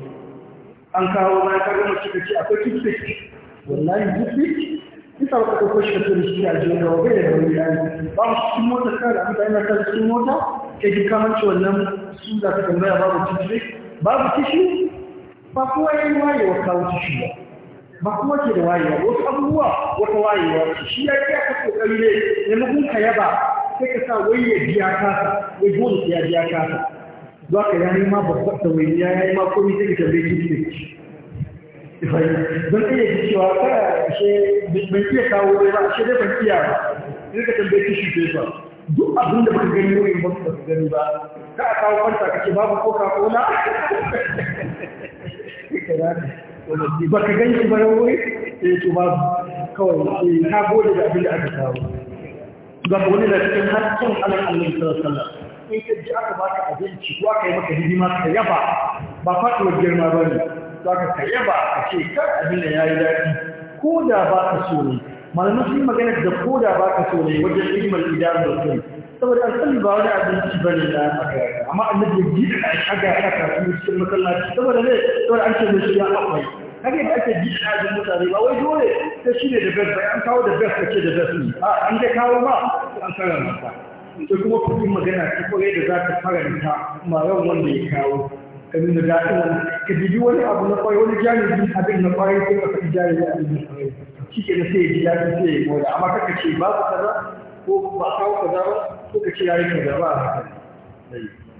[SPEAKER 1] an kawo na ka gama cika ce akwai toothpick wallahi toothpick isa ba ka kwashe ka tori shi a jiya ga wabai da wani yayi ba mu cikin mota ka da mutane na kan cikin mota ke ji kamar wannan su za ka tambaya babu toothpick babu tissue ba kowa ya wayewa kawo ta shi ba ba kuma ke da wayewa wasu abubuwa wata wayewa ce shi ya yi aka kokari ne ya mugun ka yaba sai ka sa wai ya biya kasa wai dole ya biya kasa za ka ya yi ma babbar da wai ya yi ma komai sai ka tambaye ki ce don iya ji cewa ta ashe ban iya kawo dai ba shi dai ban iya ba sai ka tambaye ki shi ce ba duk abin da baka gani wai ba ka gani ba ka a kawo kwanta kake babu ko ka kona. ba ka gan shi bayan wuri da ya eh, tuba kawai ta eh, gode
[SPEAKER 2] da abin da aka kawo ga wani da cikin harkar al'allin sallar
[SPEAKER 1] in ka ji aka baka abinci ko aka yi maka hidima ka yaba ba faɗuwar girma ba ne za ka ka yaba a ce kar abin da ya yi daɗi ko da ba ka so ne malamin sun magana da ko da ba ka so ne wajen ilmar idanun da kai saboda alƙalli ba wani abinci ba ne na haka amma annabi ya ji da haka ya haka su cikin masallaci saboda ne saboda an ce mai shi ya akwai haka yadda ake ji da ajin mutane ba wai dole ta shi ne da best bai an kawo da best kake da best ne a an ga kawo ma an fara masa ita kuma kuɗin magana ta kwarai da za ta faranta ma yawan wanda ya kawo ka nuna daɗin wani ka bibi wani abu na kwarai wani jami'in abin na kwarai sai ka faɗi jami'in abin na kwarai shi ke na sai ya ji daɗin sai ya yi amma kaka ce ba babu kaza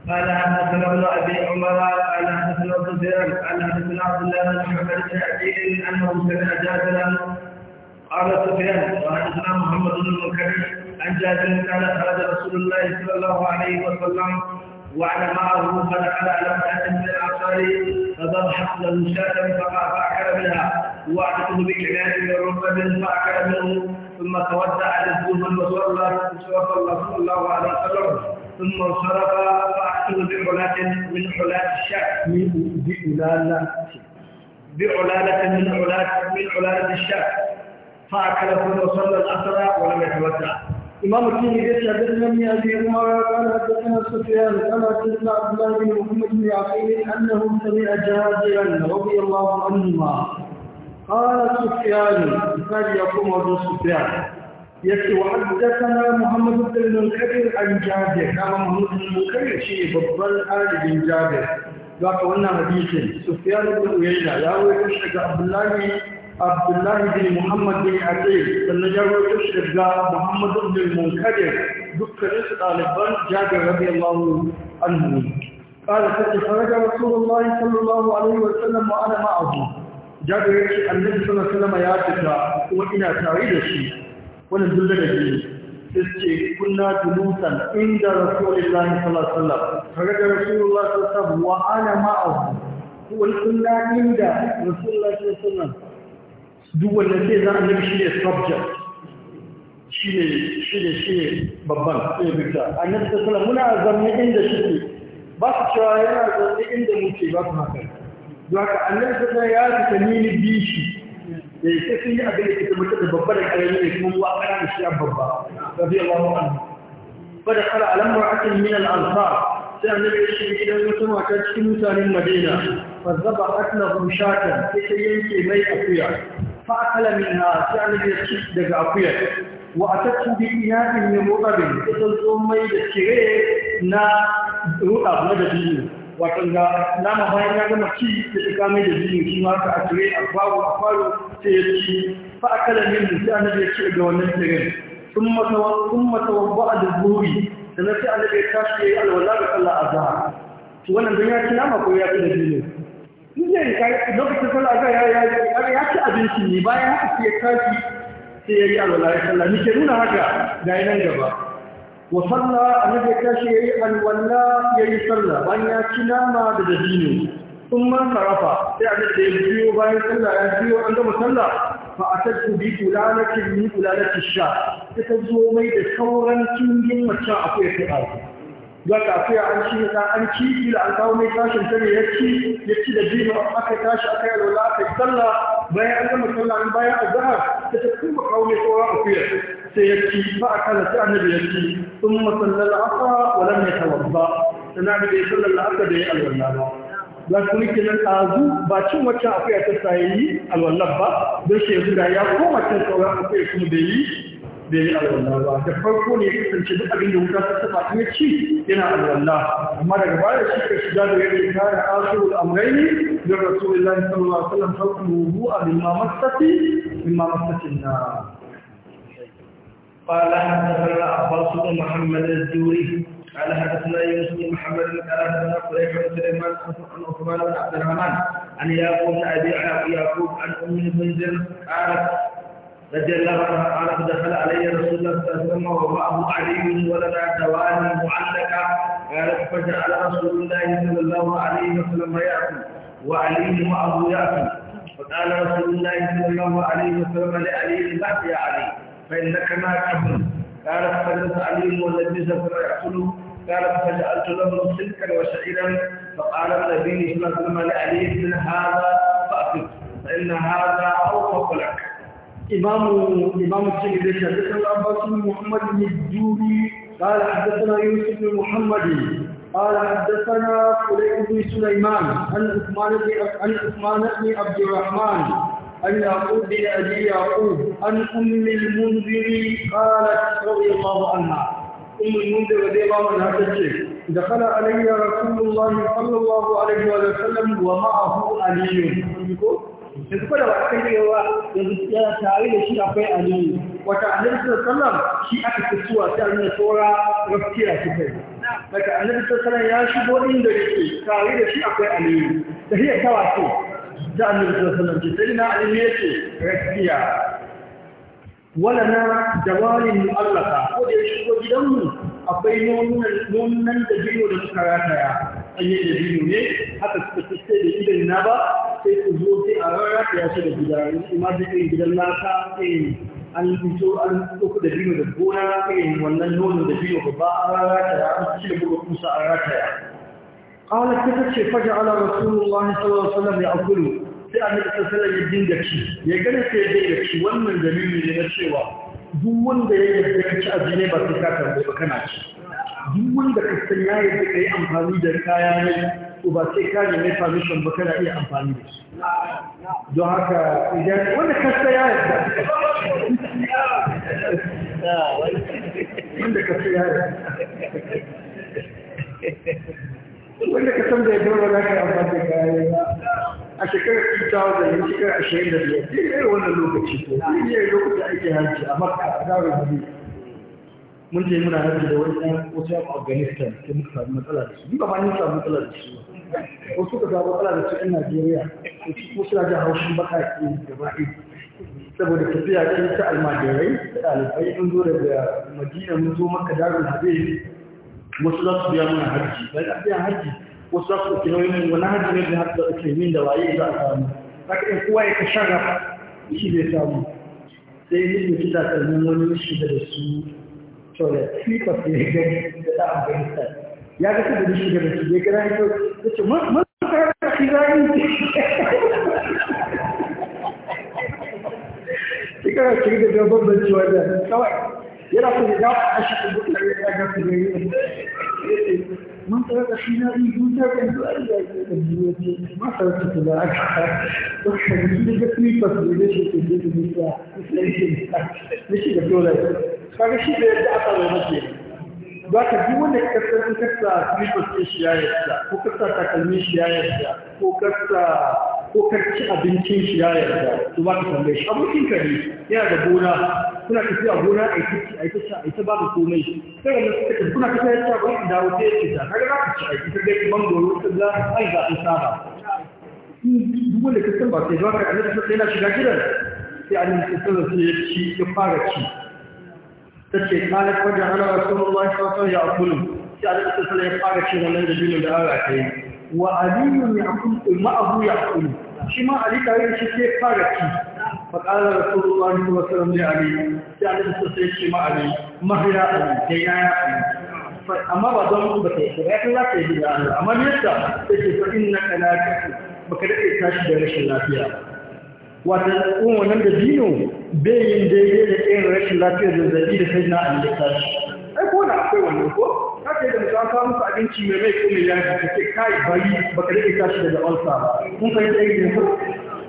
[SPEAKER 1] قال حدثنا ابن ابي عمر قال حدثنا ابن زياد قال حدثنا عبد الله بن محمد بن عبيد انه سمع جابرا قال سفيان وحدثنا محمد بن المنكر عن جابر قال خرج رسول الله صلى الله عليه وسلم وعلى معه فدخل على امرأة من الأنصار فضحك له شاة فقال فأكل منها وعدته بكلاب من ركب فأكل منه ثم تودع للظلم وصلى صلى الله عليه وسلم ثم انصرف فأحسن بحلاة من حلاة الشعب بعلالة بعلالة من حلاة من علاة الشعب فأكل ثم صلى الأسرى ولم يتودع إمام الدين يسعى بن أبي عمر قال حدثنا سفيان قال حدثنا عبد الله بن محمد بن عقيل أنه سمع جابرا رضي الله عنهما قال سفيان كان يقوم أبو سفيان يكي وحدثنا محمد بن المنكدر عن جابر كما محمد بن المنكدر شيء بضل آل بن جابر ذاك وانا حديث سفيان بن عيينة يا ويكش عبد الله عبد الله بن محمد بن عتيق سنجر ويكش محمد بن المنكدر دكتور طالبان جابر رضي الله عنه قال فخرج رسول الله صلى الله عليه وسلم وانا معه jabir ya ce annabi sallallahu alaihi wasallam ya fita kuma ina tare da shi wannan dulla da shi ce kunna julusan inda rasulullahi sallallahu alaihi wasallam tare da rasulullahi sallallahu alaihi wasallam wa ana ma'ahu wal kunna inda rasulullahi sallallahu alaihi wasallam duk wanda sai za annabi shi ne subject shi ne shi ne shi babban sai bita annabi sallallahu alaihi wasallam muna zanne inda shi ba su cewa yana zanne inda muke ba su haka zuwa ka sai ya fita nini bishi da eh, yake sun yi abin da ke mutu da babbar karami ne kuma wa da shi a babba rabbi Allahu anhu bada qala alam ra'atin min al-ansar sai an ya shi gidan wata mata cikin mutanen Madina fa zaba atlahu shatan sai ta yanke mai akuya fa akala minha sai an ya shi daga akuya wa atatu bi iyadin min mutabin sai zo mai da cire na ruɗa na da biyu wato ga nama bayan ya gama ci da ta kame da jini shi ma ka atire a babu a faru sai ya ci fa akala min da sai annabi ya ci ga wannan tirin sun matawa sun matawa ba da da na sai annabi ya tashi ya yi alwala da allah azhar to wannan don ya ci nama ko ya ci da jini in zai lokacin sallah azhar ya ya ya ci abinci ne bayan haka sai ya tashi sai ya yi alwala da Allah. ni ke nuna haka ga nan gaba wa salla annabi tashi yayi alwala yayi salla bayan ya ci nama da dabino kuma sarafa sai annabi ya biyo bayan salla ya biyo an gama salla fa atatu bi kulalati min kulalati sha sai ta zo mai da sauran kingin mace akwai kai don kafiya an ci na an ci da an kawo mai tashin tare ya ci ya ci da jima aka tashi aka yi lola aka yi sallah bayan an gama sallah an bayan azhar ta ta kuma kawo mai kowa a kuya sai ya ci ba a kala sai annabi ya ci sun masallar asa walam ya tawabba sana da bai sallar asa da ya alwala ba za ku rike nan ba cin wacce akuya ta sayi alwallar ba don shi ya ya koma can sauran akuya kuma bai yi bai yi alwallah ba da farko ne ya kasance duk abin da wuta ta tafa ta ya ci yana alwallah amma daga baya shi ka shiga da yadda ya kare asirul amraini da rasulullahi sallallahu alaihi wasallam ta rubu a mimma masati mimma masatin na قال حدثنا عباس بن محمد الزوري قال حدثنا يوسف بن محمد قال حدثنا قريش بن سليمان عن عثمان بن عبد الرحمن عن يعقوب بن ابي يعقوب عن ام المنذر قالت رضي الله عنه قال دخل علي رسول الله صلى الله عليه وسلم ومعه علي ولنا دوان معلقة قالت فجعل رسول الله صلى الله عليه وسلم يأكل وعلي معه يأكل فقال رسول الله صلى الله عليه وسلم لعلي بعد يا علي فإنك ما تأكل قالت فجلس علي والذي سفر الله يأكله قالت فجعلت له سلكا وشعيرا فقال النبي صلى الله عليه وسلم لعلي من هذا فاقف فإن هذا أوفق لك imamu cikin da shafi kan basun muhammadu ne duri ƙara haddasana yusuf muhammadu ƙara haddasana kula ibi sulaiman an al'ukmanar ne an yaƙo da ya ajiye yaƙo an ummin munziri ƙara tsawai babu anna ummin munzir da zai bamu na tace da kala alayya rasulullahi sallallahu alaihi wa sallam wa da kuma da wata cewa yanzu yana tare da shi akwai aliyu wata annabi sallallahu shi aka fitowa ta nuna tsora gaskiya shi kai daga annabi sallallahu ya shigo inda yake tare da shi akwai aliyu da hiyar tawa ce da annabi sallallahu ce sai na aliyu yake gaskiya wala na jawalin mu'allaka ko da ya shigo gidanmu akwai nonunan da biyo da suka rataya an yi dabino ne haka suka fiske da idan na ba sai ku zo sai a rarra ya shi da gida ima da irin gidan laka irin an fito an ɗauko da bino da gona irin wannan nono da bino babba an rarra ya an ci da buga kusa an rarra ya قالت تكتشي فجعل رسول الله صلى الله عليه وسلم يأكل sai annabi sallallahu alaihi ya dinga ci ya gane sai ya dinga ci wannan dalili ne na cewa duk wanda ya yarda ka ci abinai ba sai ka tambaye ba kana ci duk wanda ka san ya da kai amfani da kaya ne ko ba sai ka nemi permission ba kana iya amfani da shi
[SPEAKER 2] don haka idan wanda ka san ya yarda wanda ka san ya wanda ka san da ya dora za ka yi amfani da kaya ne a shekarar
[SPEAKER 1] 2000 ya shekarar 25 ya yi wannan lokaci ko ya yi lokaci ake hanci a makka a zarar biyu mun je muna haɗu da wani ɗan wasu yan afghanistan da muka samu matsala da su ba ma ni samu matsala da su wasu ka samu matsala da su yan najeriya ko suna jin haushin baka ke gaba saboda tafiya ce ta almajirai da ɗalibai an zo daga madina mun zo maka darul haɗe wasu za su biya Ba haji bayan biya haji wasu za su ɗauki nauyin wani haji ne da haji da ake min da waye za a samu haka ɗin kowa ya ka shara shi zai samu sai yin mutu takalmin wani shiga da su to da sifas da ya gani da ta da shugabanci
[SPEAKER 2] ya gara da
[SPEAKER 1] babban cewa a shi kuma ya ga من طلب حمائي منتجا فألا يؤدي ما تركت لا da واحد من shi فضل ليش تجد النساء ليش يقول فهذا الشيء لا يتعطى لنفسه za ka ji wanda ka kasar ka kasa slippers ko shi ya ko kasa takalmin shi ya ta ko kasa ko ka ci abincin shi ya yarda su ba ka tambaye shi abokin ka ne yana da gona kuna tafiya gona a yi a yi ci a yi ba ka komai sai ga suka tafi kuna tafiya ya ci ba in dawo sai ya ce ta kaga za ka ci a yi ta dai ta za a yi zaɓi saba duk wanda ka san ba sai ba ka annabi sai na shiga gidan sai annabi sai sai ya ci ya fara ci tace kana kwaje ana rasulullahi sallallahu alaihi wasallam ya akulu sai ta sai ya fara ci wannan da bilin da Allah ya yi wa aliyun ya kuma ma'ahu ya akulu shi ma ali tare shi sai fara ci fa qala rasulullahi sallallahu alaihi wasallam li ali sai ali sai ce ma ali mahya ali dai ya amma ba don ba sai ya kalla sai ya Allah amma yadda sai ce fa ba kana baka ta tashi da rashin lafiya wata kuma nan da dino bai yin daidai da irin rashin lafiyar zazzabi da sai na an da tashi ai ko na akwai wannan ko ka da mutum kawo musu abinci mai mai kuma ya ji ka ce kai bari baka da ita shi daga ulsa ba kai da yin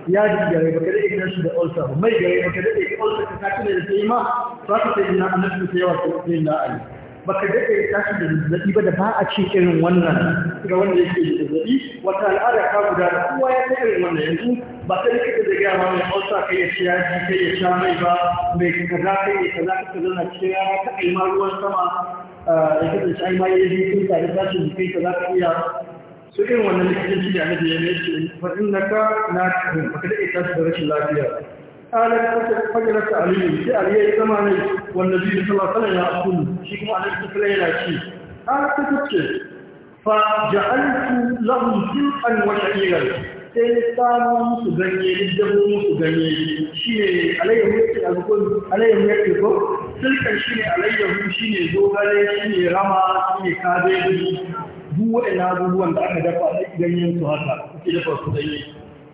[SPEAKER 1] yanzu ya ji gare baka da ita shi daga ulsa ba mai baka da ita ulsa ka kaci da ta ma ba ka sai na annabi yawa sai na ali baka tashi da zazzaɓi ba da ba a ce irin wannan ga wanda yake da wata al'ada ta guda da kowa ya ta irin wannan yanzu ba ta likita da gaya ma mai hausa ya kai ya mai ba mai kaza kai kaza ka zauna cikin ka ruwan sama Eh, ya kasance ai ma yayi sun tare da shi kai ka za ka iya su irin wannan likitanci da annabi ya yi fa innaka na ka da ita da rashin lafiya ala ta fajira ta aliyu sai aliyu ya zama ne wannan biyu sallallahu alaihi wa sallam shi kuma annabi sallallahu alaihi wa sallam yana ci ala ta tace fa ja'altu lahum silqan wa sha'iran sai ya samu musu ganye duk mu musu ganye shi ne alayyahu yake alkul alayyahu yake ko sulkan shi ne alayyahu shi ne dogare shi ne rama shi ne kaje gudu buwa ina da aka dafa a ganyen su haka suke dafa su ganye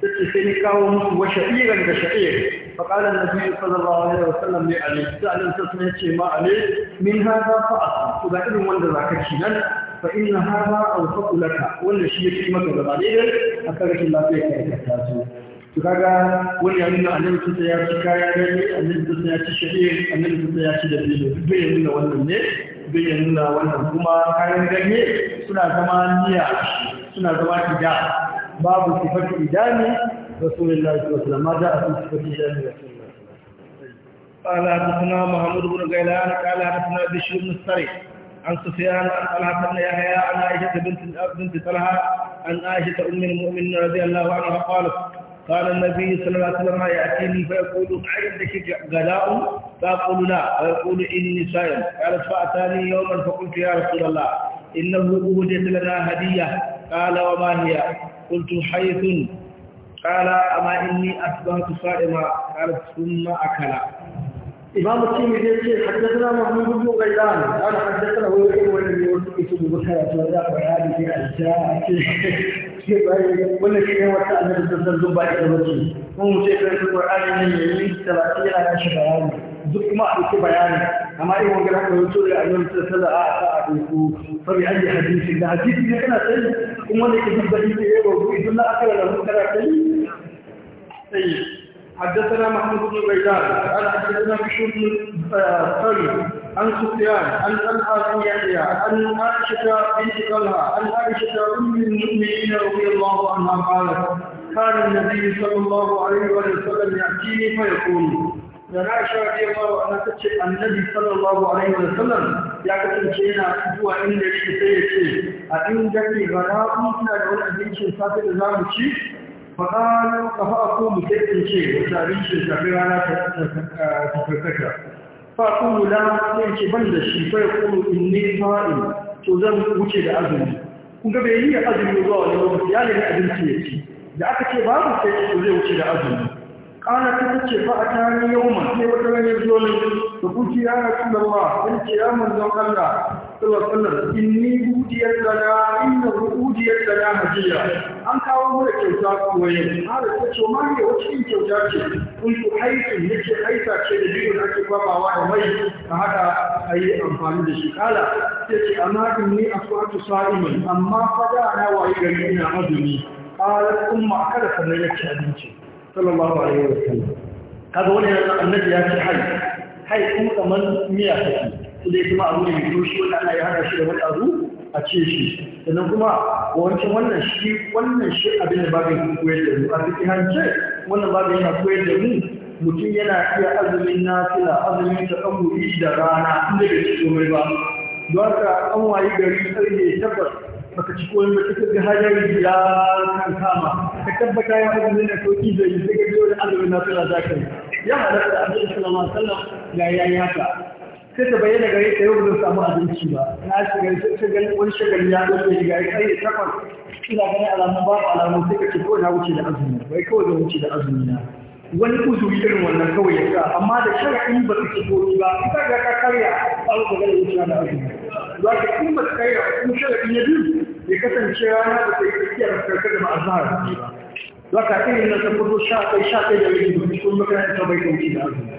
[SPEAKER 1] sai sai ni kawo musu wa sha'iran da sha'ir fa a nabi sallallahu alaihi wasallam ne ali sallan sai sun ce ma ali min hadha fa asu da irin wanda zaka ci nan fa haka a awfaqu laka wannan shi yake maka gaba ne akan rashin lafiya ka ta tasu to kaga wani ya nuna annabi kusa ya ci kaya ne annabi kusa ya ci shahir annabi kusa ya ci dabino duk bai nuna wannan ne bai ya nuna wannan kuma kayan ganye suna zama niyya suna zama ida babu sifatu idani rasulullahi sallallahu alaihi wasallam ma da sifatu idani rasulullahi قال حدثنا محمود بن غيلان قال حدثنا بشير بن السري عن سفيان عن طلحه بن يحيى عن عائشه بنت بنت طلحه عن عائشه ام المؤمنين رضي الله عنها قالت قال النبي صلى الله عليه وسلم يأتيني فيقول عندك غلاء فأقول لا ويقول إني صائم قال فأتاني يوما فقلت يا رسول الله إنه أهدت لنا هدية قال وما هي قلت حيث قال أما إني أصبحت صائما قال ثم أكل إمام الشيخ يقول حدثنا محمود بن غيلان قال حدثنا هو يقول ولم يرد كتب بكرة ولا في أجزاء ce bai wanda shi ne wata annabi sassan zuba ita bace kuma mu ce kai Qur'ani ne yayi talatin yana da shi bayani duk kuma a ɗauki bayani amma irin wani haka wato da annabi sassan da a ta a ɗauko fa bi ayi hadisi da hadisi ne kana sai kuma wanda ke zuba ita yayi ba idan na akala da mu kana sai حدثنا محمود بن غيلان قال حدثنا بشر بن ثري عن سفيان عن الحاكم يحيى عن عائشه بنت طلحه عن عائشه ام المؤمنين رضي الله عنها قالت كان النبي صلى الله عليه وسلم ياتيني فيقول da na isha radiya mawa ana ta ce annabi sallallahu alaihi wa sallam ya kasance yana zuwa inda shi sai ya ce a inda ke gana kuna da wani abincin safe da za mu ci faɗanar ƙafa ko mutaikin ce wata rikin shafi rana ta karkata faɗin wula sai ce ban da shi kwaya kuma in ne fa'in to zan wuce da azumi kun ga bai yi azumi zuwa wani lokaci ya nemi abinci ya ci da aka ce babu sai ce zai wuce
[SPEAKER 2] da azumi
[SPEAKER 1] kala ta kace fa a tarihi yau ma sai wata ranar dole da kuci ya na cin dama in ce ya mun Allah sallallahu alaihi in ni gudiyar da na inna gudiyar da na hajiya an kawo mura kyauta kuwa yin kala ta ce ma ne wata yin kyauta ce kun aikin, haiti ne ce haita ce da biyu da ake kwabawa da mai ta haka a yi amfani da shi kala ta ce a maɗin ne sa'imin amma fada na waye gari ina azumi kala kuma kada sanar yake abinci صلى الله عليه وسلم هذا هو annabi ya ce hai hai kuma kaman miya take su dai kuma abu ne mai wanda Allah ya hada shi da wani a ce shi sannan kuma wancan wannan shi wannan shi abin da babin koyar da mu a cikin hance wannan babin yana koyar da mu mutum yana iya azumin na suna azumin ta kamuri da rana inda bai ci komai ba don ka an wayi gari sai ne tabbas baka ci koyon baka ka ga ya kan kama ka tabbata ya azumi na sauki da yi sai ka biyo da azumin na tsira za ka yi ya halatta abin salama sallam wasallam ya ya haka sai ta bayyana gare ta yau zan samu abinci ba na shiga shagali wani shagali ya zo ne ga kai takwas ina ganin alamun ba alamun sai ka ce ko na wuce da azumi bai kawai da wuce da azumi na wani uzuri irin wannan kawai ya sa amma da in ba su shigo ba ita ga ka karya a ga gare wuce na azumi za ka in ba su karya kuma shara'in ya biyu ya kasance rana da ta yi tsakiyar karka da ma'azahar ba za ka irin na tabbato sha ɗai sha ɗai da rage da cikin makaranta bai kauce da azumi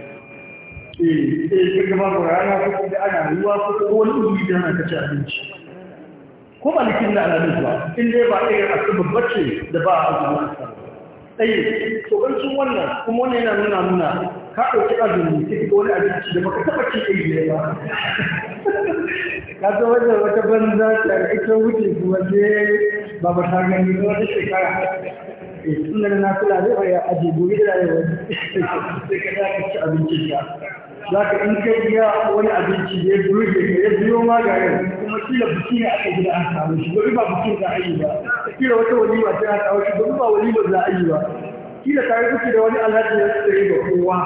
[SPEAKER 1] eh eh ga babu rana ko da ana ruwa ko ko wani uzuri da ana kace abinci ko ba likin da ana ba, in dai ba irin asibabbace da ba a azumi tsaye to barcin wannan kuma wannan yana nuna nuna ka ɗauki azumi sai ka wani abinci da baka taɓa ci ɗaya ba (laughs) ka ta wajen wata banza ta ita wuce kuma je ba ba ta gani ba wata shekara eh tun da na kula zai ya ajiye gobe da rayuwa (laughs) sai ka ci abincin ka za ka in kai biya wani abinci ya burge ka ya biyo ma ga yau kuma kila biki ne aka gida an samu shi gobe ba bikin za a yi ba kila wata walima ta kawo gobe ba walima za a yi ba kila ka yi kuke da wani alhaji ya tsaye ga kowa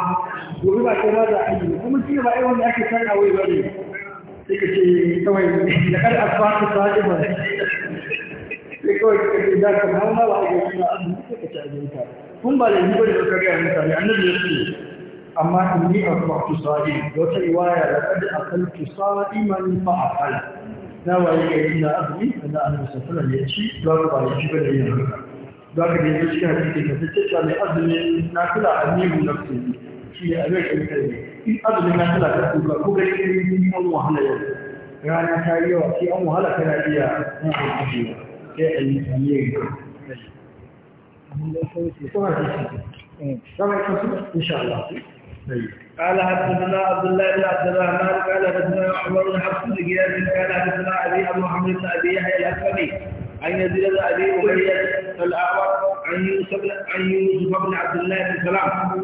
[SPEAKER 1] gobe ba ta za a yi kuma kila ba da ake sarka wai ba ne sai ka ce kawai da kada a fata sa'i ba sai kawai ka ce za ka ma ba a yi ba a yi ka ci abinka kun ba da yi ba da ka gaya mutane annabi ya ce أما إني أطلعت صائم وترواية لقد أقلت صائما فأقل ناوي إن أبني أن أنا سفلا يأتي لا ربا يجب أن يهرب ذاك اللي يشكى فيك فتشكى لأبني ناكل أمير نفسي في أبيك الكريم يعني إن أبني ناكل أكتب لك كل شيء الله لا يجب رانا تاريه وفي أم هلا كنادية نحن الحجية في المسلمين قال حدثنا عبد الله بن عبد الرحمن قال حدثنا عمر بن حفص بن غياث قال حدثنا ابي ابو محمد بن ابي يحيى الاسلمي عن يزيد بن ابي اميه الاعور عن يوسف عن يوسف بن عبد الله بن سلام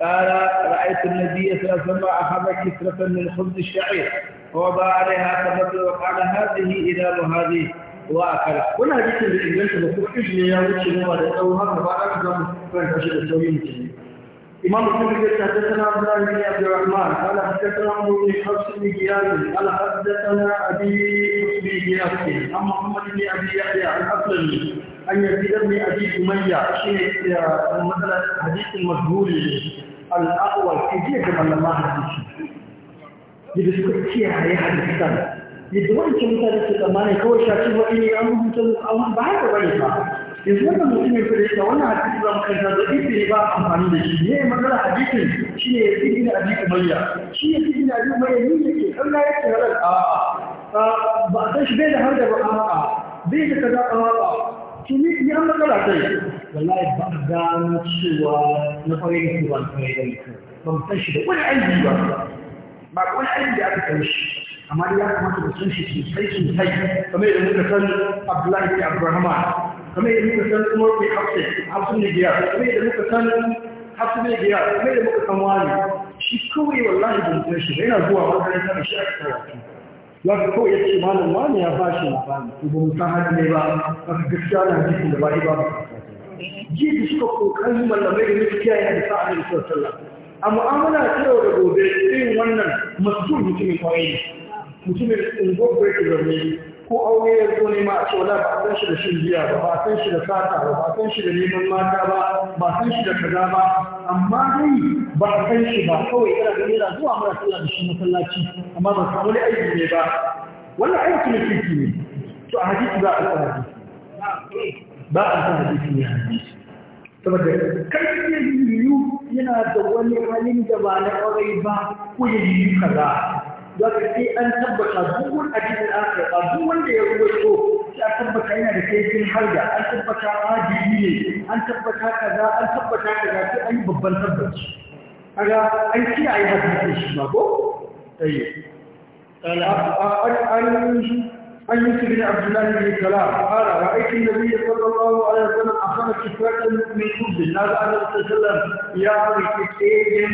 [SPEAKER 1] قال رايت النبي صلى الله عليه وسلم اخذ كسره من خبز الشعير ووضع عليها تمثل وقال هذه الى هذه وأكل وانا حديث الإنجليزي بكو إجلي يا وجه نوع لأو هذا بعد أكبر فانتشر السويين إمام الترمذي حدثنا عبد الله بن عبد الرحمن قال حدثنا عمرو بن حفص بن جياد قال حدثنا أبي حفص بن جياد عن محمد بن أبي يحيى الأصلي أن يزيد بن أبي أمية شيء مثلا حديث المجهول الأول كثير من الله حديث يدسكتيها يا حديث yadda wancan mutane ke tsammani kawai shafi waɗi ne an rubuta an ba haka bane ba yanzu wannan mutumin da yake wannan hadisi ba makaranta da ife ba amfani da shi ne magana hadisin shi ne ya fi gina abin umayya shi ya fi gina abin umayya ne yake Allah ya ce halal a ba a san shi bai da har da ba a bai da kaza a shi ne ni an matsala sai wallahi ba a gano cewa na fara yin kuma na kwarai da mutum ba mu san shi da wani aiki ba ba wani aiki da aka kai shi amma ya kamata da sun shi sosai sosai kamar yadda muka san Abdullahi Abrahama kamar yadda muka san kuma ke hafsa hafsa ne biya kamar yadda muka san hafsa ne biya kamar yadda muka san wani shi kawai wallahi da san shi yana zuwa makaranta da shi a karatu za ka kawai ya ce malam wani ya bashi labari ko ba mu san haka ne ba ba ka gaskiya na hadisin da ba ba ba jiya da suka kokarin malamai da muke kiyaye da sa'a da sallallahu a mu'amala ta yau da gobe irin wannan masu mutumin kwaye mutumin ungo break zaune ko aure ya zo ne ma a cewa ba san shi da shin giya ba ba san shi da sata ba ba san shi da neman mata ba ba san shi da kaza ba amma dai ba a san shi ba kawai yana da yana zuwa mara sallah da shi masallaci amma ba samu wani aiki ne ba wannan aiki ne kiki ne to a hadisi ba a san
[SPEAKER 2] hadisi
[SPEAKER 1] ba a san hadisi ne hadisi saboda kai ne yiwu yana da wani halin da ba na kwarai ba ko ya yiwu kaza za ka sai an tabbata duk wani hadisin an karɓa duk wanda ya ruwaito sai an tabbata yana da kaifin harda an tabbata adili ne an tabbata kaza an tabbata kaza sai an yi babban tabbaci kaga an kiyaye hadisin shi ba
[SPEAKER 2] ko tayi
[SPEAKER 1] قال عن يوسف بن عبد الله بن سلام قال رايت النبي صلى الله عليه وسلم اخذ كفره من خبز نادى النبي صلى الله عليه وسلم يا رب كيف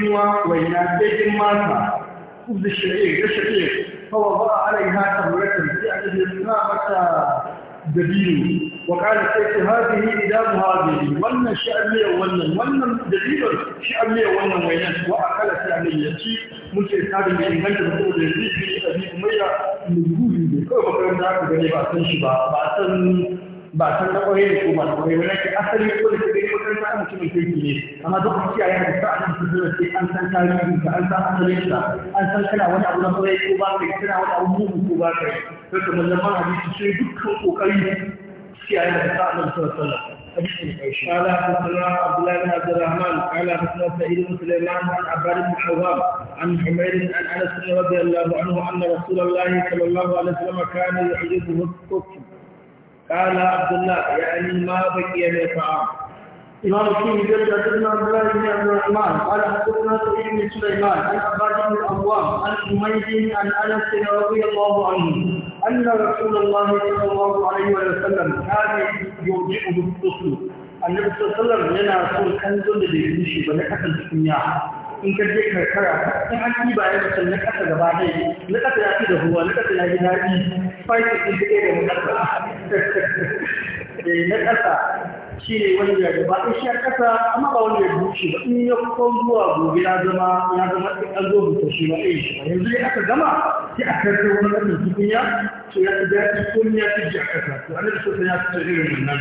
[SPEAKER 1] وينادي ماذا خبز الشعير الشعير فوضع عليها تمرة يعني إمامة دبيل وقال سيف هذه إدام هذه ولن شأمية ولن ولن دبيل شأمية ولن وينان وأكل شأمية شيء ممكن هذا من إنجاز مقول الريبي أبي أمية مجهود بكل مقرم ذاك بني بأسن شبا بأسن ba san na ƙwaye ko ba na ƙwaye wani ke asali ko da kai ko san san mutumin kirki ne amma duk shi a yana sa an su zuwa sai an san tarihin ka an san asalin ka an san kana wani abu na ƙwaye ko ba kai kana wani abu mugu ko ba kai sai ka mallama hadisi sai dukkan kokari shi a yana sa an su sallallahu قال حدثنا عبد الله بن عبد الرحمن قال حدثنا سعيد بن سليمان عن عباد بن حوام عن حمير عن انس رضي الله عنه ان رسول الله صلى الله عليه وسلم كان يعجبه الكفر قال عبد الله يعني ما بقي من طعام إمام الشيخ جل حدثنا عبد الله بن عبد الرحمن قال حدثنا سعيد بن سليمان عن عباد بن الأبواب عن حميد عن أنس رضي الله عنه أن رسول الله صلى الله عليه وسلم كان يوجئه الطفل النبي صلى الله عليه وسلم ينعى كل كنز لديه بنكة الدنيا in ka je karkara in an ci ba ya mace na ƙasa gaba dai na ƙasa ya fi da ruwa na ƙasa ya ji daɗi fakin ɗin ta ɗaya da ƙasa (laughs) eh, na ƙasa shi ne wani ya gaba in shi ƙasa amma ba wani ya bushe ba in ya kwan zuwa gobe ya zama ya zama ɗin an zo buta shi ba ɗin eh, shi ba yanzu ya aka gama sai a karkar wani ƙasar tukunya to ya fi daɗi ko ya fi ji a ƙasa to an da sosai ya fi irin nan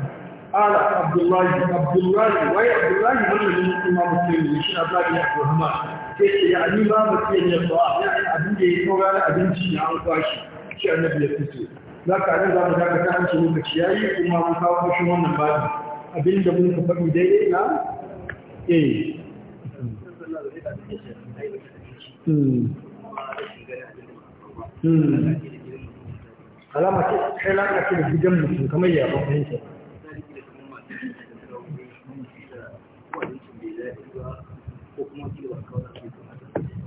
[SPEAKER 1] قال عبد الله عبد الله وي عبد الله من الإمام الترمذي شن عبد الله عبد الرحمن كيف يعني ما مسلم يقرأ يعني أبن جي يقرأ أبن جي عن قاشي شيء النبي يفتسي ذاك أنا ذا مذاك كان شنو كشيء ثم هو كاو شنو من بعد أبن جي من كفر مدير لا
[SPEAKER 2] إيه Hmm. Hmm. Alama ce, kai lalata ce da
[SPEAKER 1] gidan mutum kamar yaba fahimta.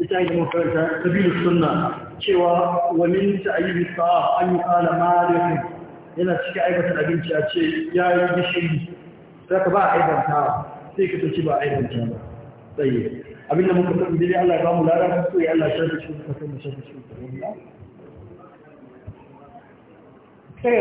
[SPEAKER 1] ita ake makaranta ta biyu sunna cewa wani ta yi sa'a an yi kala malin yana cike aikata abinci a ce ya yi gishiri za ka ba a aibanta sai ka tafi ba a aibanta ba tsaye abin da muka tafi dai Allah ya ba lara ko ya Allah ya shafi shi ka san mu shafi shi sai